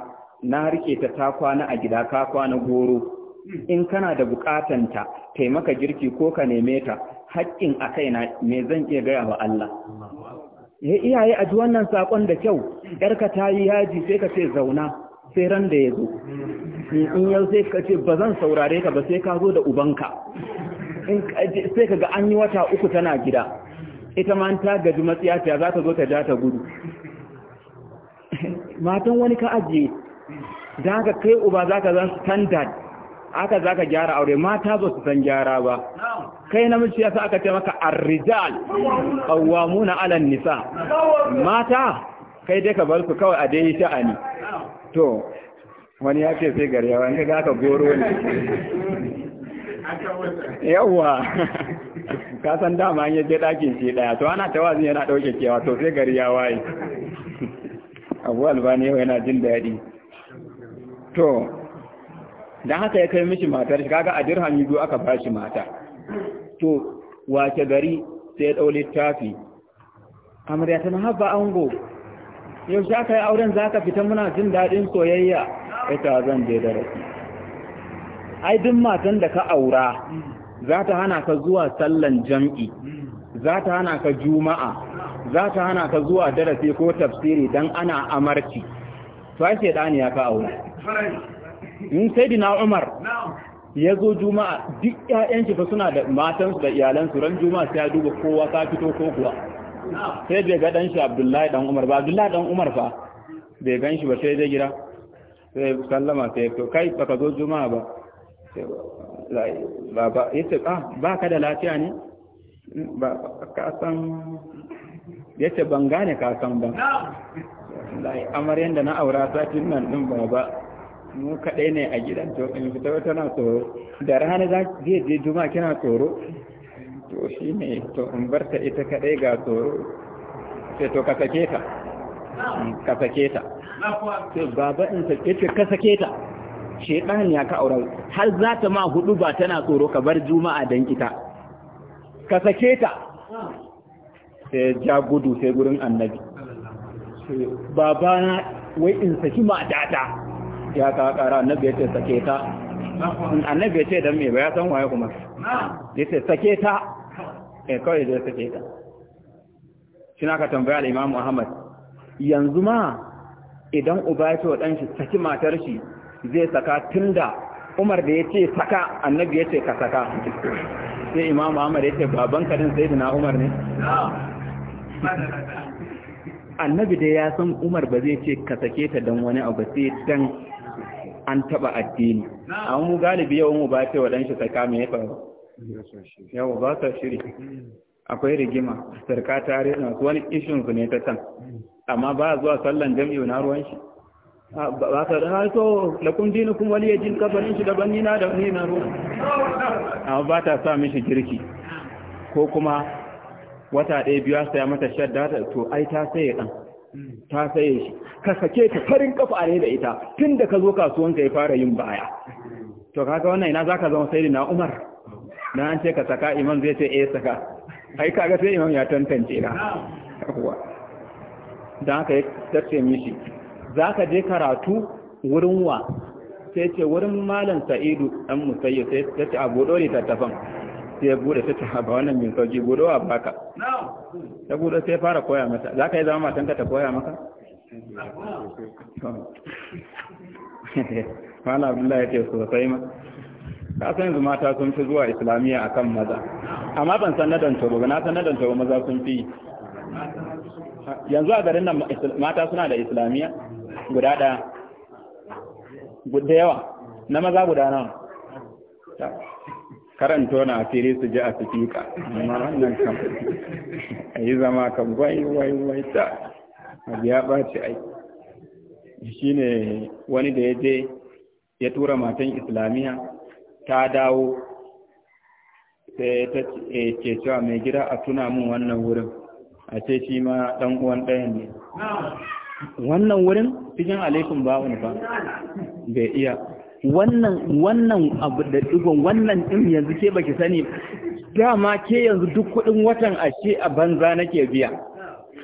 na rike ta ta kwana a gida ka kwana goro hmm. in kana da bukatanta taimaka girki ko ka neme ta haƙƙin a kaina me zan iya gaya wa Allah ya eh, iyaye a ji wannan saƙon da kyau hmm. yarka ta yi yaji sai ka ce zauna sai ran da ya zo hmm. in yau sai ka ce ba zan saurare ka ba sai ka zo da ubanka sai kaga an yi wata uku tana gida ita ma ta gaji matsiyaciya za ta zo ta ja ta gudu matan wani ka ajiye za ka kai uba za ka zan standard aka za ka gyara aure mata zo su san gyara ba kai namiji ya sa aka ce maka arrijal qawwamuna 'ala nisa mata kai dai ka bar su kawai a dai sha'ani to wani ya ce sai gari yawa ga ka goro ne yawwa ka san dama ya je ɗakin shi ɗaya to ana tawazin yana ɗauke cewa to sai gari ya waye abu albani yau yana jin daɗi to don haka ya kai mishi matar shi kaga a dirhami biyu aka bashi mata to wace gari sai ya ɗau littafi amarya tana haɓa ango yau za ka yi auren za ka fita muna jin daɗin soyayya ita zan je da rafi ai duk matan da ka aura za ta hana ka zuwa sallan jam'i za ta hana ka juma'a za ta hana ka zuwa darasi ko tafsiri dan ana amarci to ai shedani ya ka aura in sai dina umar ya zo juma'a duk ƴaƴan shi fa suna da matansu da iyalansu ran juma'a sai ya duba kowa ka fito ko kuwa sai bai ga dan shi abdullahi dan umar ba abdullahi dan umar fa bai gan shi ba sai zai gida sai sallama sai to kai baka zo juma'a ba Yace ah, ba ka da lafiya ne ba ka san yace ban gane ka san ba amar yadda na aura satin nan din ba ba mu kaɗai ne a gidan to in fita wata na tsoro da rana za je je juma kina tsoro to shi ne to in bar ta ita kaɗai ga tsoro sai to ka sake ta ka sake ta sai baba in sake ta ka sake ta shedan ya ka aurar har za ta ma hudu ba tana tsoro ka bar juma'a dan kita ka sake ta sai ja gudu sai gurin annabi babana wai in saki matata ya ka kara annabi ya ce sake ta annabi ya ce dan me ba ya san waye kuma ya ce sake ta eh kawai zai sake ta shi ka tambaya al Muhammad. yanzu ma idan uba ya ce wa ɗanshi saki matar shi zai saka tunda Umar da ya ce saka annabi ya ce ka saka sai Imam Ahmad ya ce baban karin Sayyidina Umar ne annabi da ya san Umar ba zai ce ka sake ta dan wani abu sai dan an taba addini amma mu galibi yawan mu ba ce wa dan shi saka me ya faru yawa ba ta shiri akwai rigima sarka tare na wani ishin su ne ta can amma ba zuwa sallan jam'i na ruwan shi ba ka da haito lakun dini kuma wani yajin kafanin shi daban nina da nina ruwa ba ta sa mishi girki ko kuma wata ɗaya biyu saya mata shadda ta, to ai ta saye ɗan ta saye shi ka sake ta farin kafa ne da ita tun da ka zo kasuwanka ya fara yin baya to kaga wannan ina zaka zama sai na Umar dan an ce ka saka imam zai ce eh saka ai kaga sai imam ya tantance ka dan haka ya tace mishi za ka je karatu wurin wa sai ce wurin malam sa'idu ɗan musayi sai ta ce a buɗo ne tattafan sai ya buɗe ta ce ba wannan min sauƙi, buɗo wa baka ta buɗe sai fara koya mata za ka yi zama ka ta koya maka? Mala Abdullahi ya ce sosai ma. san yanzu mata sun fi zuwa islamiyya a kan maza amma ban san nadan tobo ba na san nadan tobo maza sun fi yanzu a garin nan mata suna da islamiyya guda ɗaya da yawa na maza guda nawa karanto na asiri su ji a ka amma wannan kan a yi zama kan wai wai wai ta abu ya aiki shi ne wani da ya je ya tura matan islamiyya ta dawo sai ta ce eh, cewa mai gida a tuna mun wannan wurin a ce shi ma ɗan uwan ɗayan ne wannan wurin cikin ba wani ba bai iya wannan wannan abu da digon wannan din yanzu ke baki sani dama ke yanzu duk kudin watan ashe a banza nake biya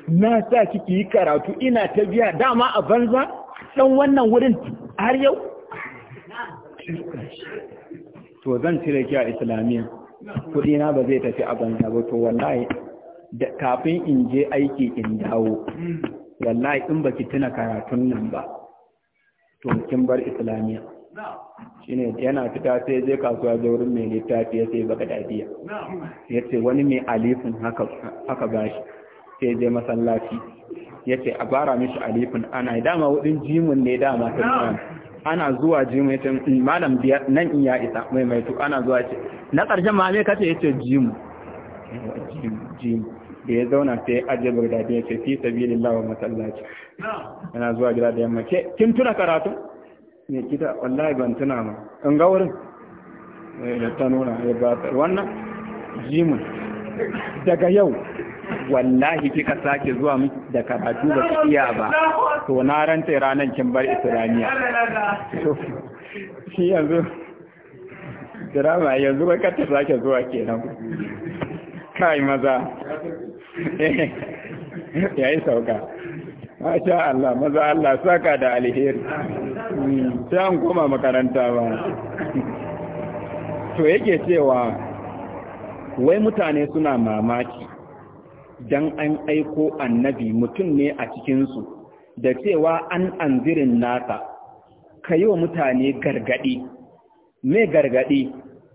na sa kiki yi karatu ina ta biya dama a banza dan wannan wurin har yau to zan cire ki a islamiyya kudi na ba zai tafi a banza ba to wallahi kafin in je aiki in dawo wallahi in baki tuna karatun nan ba to kin bar islamiya shine yana fita sai je kasuwa da wurin mai littafi ya sai baka dadiya ya ce wani mai alifin haka haka bashi sai je masallaci ya ce a bara mishi alifin ana dama wudin jimin ne dama ta nuna ana zuwa jimin ya ce mm, malam nan in ya isa mai mai ana zuwa ce na ƙarshen ma me kace ya ce jimu jimu da ya zauna sai ya ajiye da ya ce fi sabilillah wa masallaci yana zuwa gida da yamma ke kin tuna karatu ne kita wallahi ban tuna ma in ga wurin da ta nuna ya ba wannan jimin daga yau wallahi kika sake zuwa mu da karatu ba ki iya ba to na ranta ranar kin bar Isra'iliya. shi yanzu drama yanzu ba ka ta sake zuwa kenan kai maza ya yi sauka masha Allah maza Allah saka da alheri sai an koma makaranta ba to yake cewa wai mutane suna mamaki dan an aiko annabi mutum ne a cikinsu da cewa an anzirin nasa ka yi wa mutane gargadi mai gargadi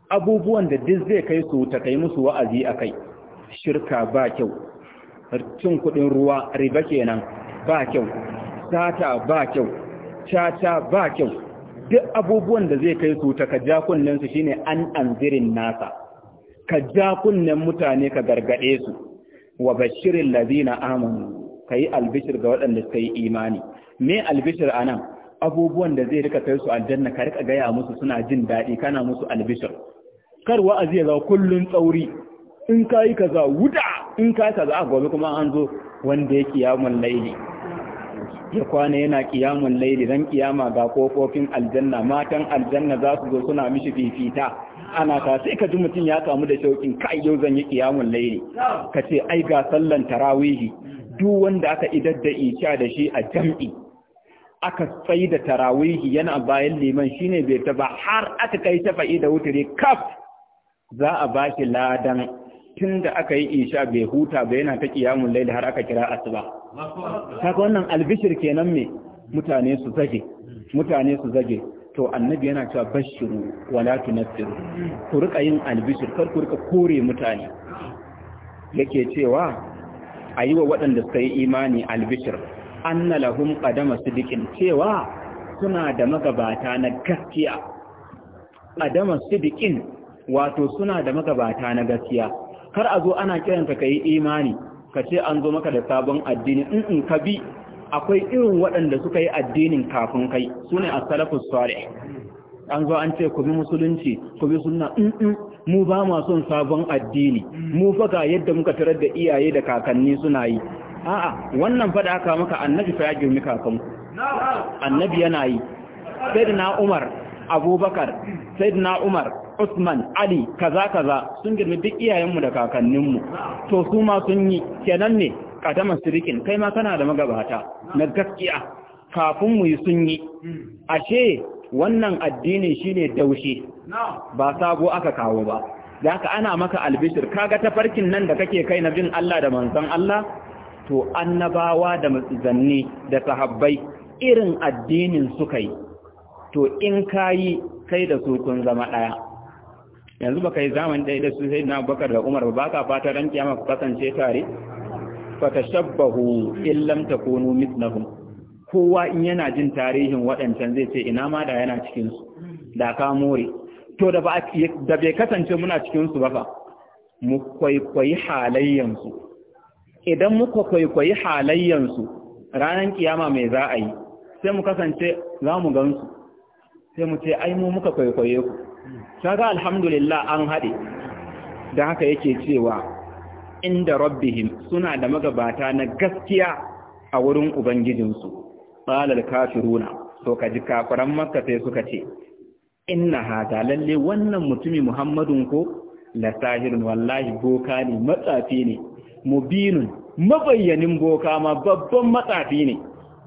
abubuwan da duk zai kai su ta kai musu wa'azi a kai shirka ba kyau cin kuɗin ruwa riba kenan ba kyau sata ba kyau caca ba kyau duk abubuwan da zai kai su ta ka ja kunnen su shine an anzirin nasa ka ja kunnen mutane ka gargade su wa bashirin lazina amanu ka albishir ga waɗanda suka yi imani me albishir anan abubuwan da zai rika kai su aljanna ka rika gaya musu suna jin daɗi kana musu albishir kar wa'azi ya zo kullun tsauri in ka yi kaza wuta in ka kaza a gobe kuma an zo wanda ya kiyamun laili ya kwana yana kiyamun laili dan kiyama ga kofofin aljanna matan aljanna za su zo suna mishi fifita ana ta sai ka ji mutum ya kamu da shaukin kai yau zan yi kiyamun laili ka ce ai ga sallan tarawihi duk wanda aka idar da isha da shi a jam'i aka tsayi da tarawihi yana bayan liman shine bai ta har aka kai ta fa'ida da wutare kaf za a ba ladan tun da aka yi isha bai huta ba yana ta kiyamun laili har aka kira asuba kaga wannan albishir kenan mai mutane su zage mutane su zage to annabi yana cewa bashiru wala tunasiru ku rika yin albishir kar ku rika kore mutane yake cewa a yi wa waɗanda suka yi imani albishir an lahun ƙadama su dikin cewa suna da magabata na gaskiya su dikin wato suna da magabata na gaskiya kar a zo ana kiranta ka yi imani ka ce an zo maka da sabon addini in ka bi akwai irin waɗanda suka yi addinin kafin kai su ne a salafus salih an zo an ce ku bi musulunci ku bi sunna in mu ba ma son sabon addini mu faga yadda muka tarar da iyaye da kakanni suna yi a'a wannan fada aka maka annabi fa ya girmi kakan annabi yana yi sayyidina Umar Abubakar sayyidina Umar Usman Ali kaza kaza sun girmi duk iyayenmu da kakanninmu to su ma sun yi kenan ne kadama sirikin kai ma kana da magabata na gaskiya kafin mu yi sun yi ashe wannan addini shine daushe ba sabo aka kawo ba da haka ana maka albishir kaga tafarkin nan da kake kai na bin Allah da manzon Allah to annabawa da mutsizanni da sahabbai irin addinin suka yi to in kayi kai da su kun zama ɗaya yanzu baka yi zamani ɗaya da su sai na bakar da umar ba ka fata ran kiyama ku kasance tare illanta in illam takunu mithlahum kowa in yana jin tarihin waɗancan zai ce ina ma da yana cikin su da ka more to da ba da bai kasance muna cikin su ba fa mu kwaikwayi halayyan su idan muka kwaikwayi halayyan su ranar kiyama mai za a yi sai mu kasance za mu gan sai mu ce ai mu muka kwaikwaye ku kaga alhamdulillah an haɗe da haka yake cewa inda rabbihim suna da magabata na gaskiya a wurin ubangijinsu qalal kafiruna to ji kafiran makka sai suka ce inna hada lalle wannan mutumin muhammadun ko la sahirun wallahi boka ne matsafi ne mubinun mabayyanin boka ma babban matsafi ne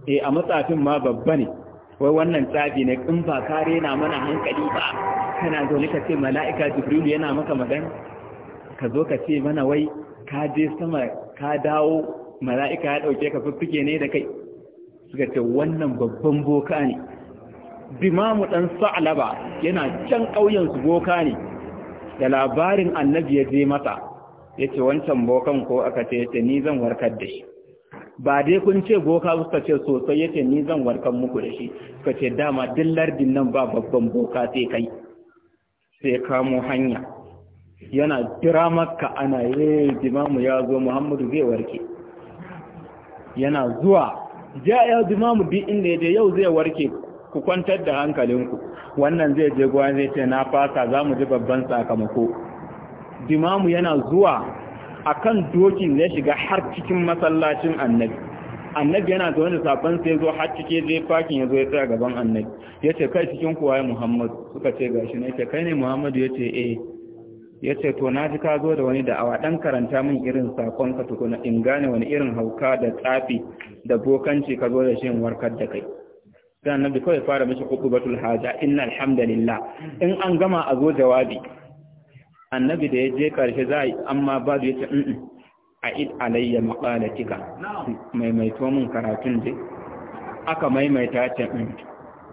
eh a matsafin ma babba ne wai wannan tsafi ne in ba kare na mana hankali ba kana zo ka ce mala'ika jibril yana maka magana ka zo ka ce mana wai ka je sama ka dawo mala'ika ya dauke ka fuffuke ne da kai suka ce wannan babban boka ne bimamu dan sa'laba yana can kauyen su boka ne da labarin annabi ya je mata yace wancan bokan ko aka ce ni zan warkar da shi ba dai kun ce boka suka ce sosai yace ni zan warkan muku da shi suka ce dama duk lardin nan ba babban boka sai kai sai kamo hanya yana jira makka ana yi eh, jimamu ya zo muhammadu zai warke yana zuwa ja ya jimamu duk inda ya yau zai warke ku kwantar da hankalinku wannan zai je gwa zai ce na fasa za mu ji babban sakamako jimamu yana zuwa akan dokin ya shiga har cikin masallacin annabi annabi yana zaune da sabon sai zo har cike zai fakin ya zo ya tsaya gaban annabi ya ce kai cikin kuwa ya muhammad suka ce gashi na yace kai ne muhammad ya ce eh ya to na ji ka zo da wani da'awa dan karanta min irin sakon ka tukuna in gane wani irin hauka da tsafi da bokanci ka zo da shi warkar da kai sai annabi kawai fara mishi hukubatul haja inna alhamdulillah in an gama a zo jawabi annabi da ya je karshe za a yi amma ba ya ce a id alayya maƙalatika maimaito mun karatun dai aka maimaita ce mm.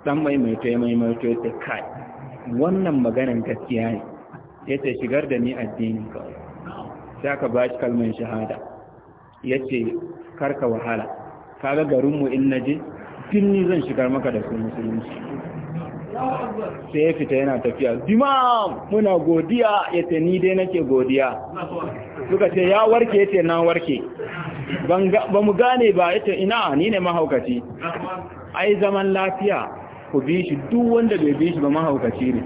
dan maimaito ya maimaito ya kai wannan maganan gaskiya ne ya ce shigar da ni addini kawai sai aka ba shi kalmar shahada ya ce karka wahala Ka ga garinmu in na je tun ni zan shigar maka da su musulunci sai ya fita yana tafiya dimam muna godiya ya ce ni dai nake godiya suka ce ya warke ya ce na warke ba mu gane ba ya ce ina ni ne mahaukaci ai zaman lafiya ku bi shi duk wanda bai bi shi ba mahaukaci ne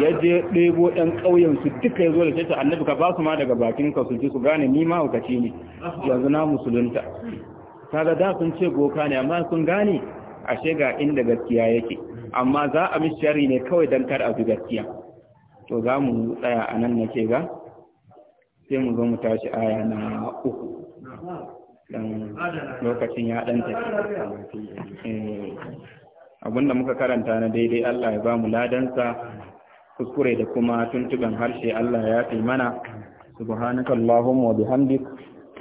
ya je ɗebo ɗan ƙauyen su duka ya zo da tace annabi ka ba su ma daga bakin ka su su gane ni mahaukaci ne yanzu na musulunta kaga da sun ce goka ne amma sun gane ashe ga inda gaskiya yake amma za a mishi shari ne kawai don kar a bi gaskiya to za mu tsaya a nan nake ga sai mu zo mu tashi aya na uku dan lokacin ya dan eh, abinda muka karanta na daidai Allah ya ba mu ladansa kuskure da kuma tuntuban harshe Allah ya fi mana subhanaka allahumma wa bihamdik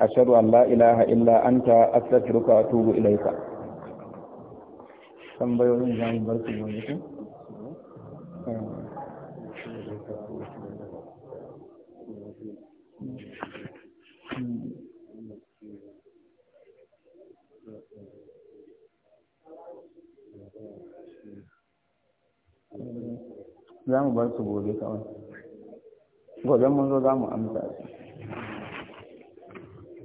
ashhadu an la ilaha illa anta astaghfiruka wa atubu ilayka tambayoyin za mu bar su yanzu ku za mu bar su gobe kawai gobe mun zo za mu amsa su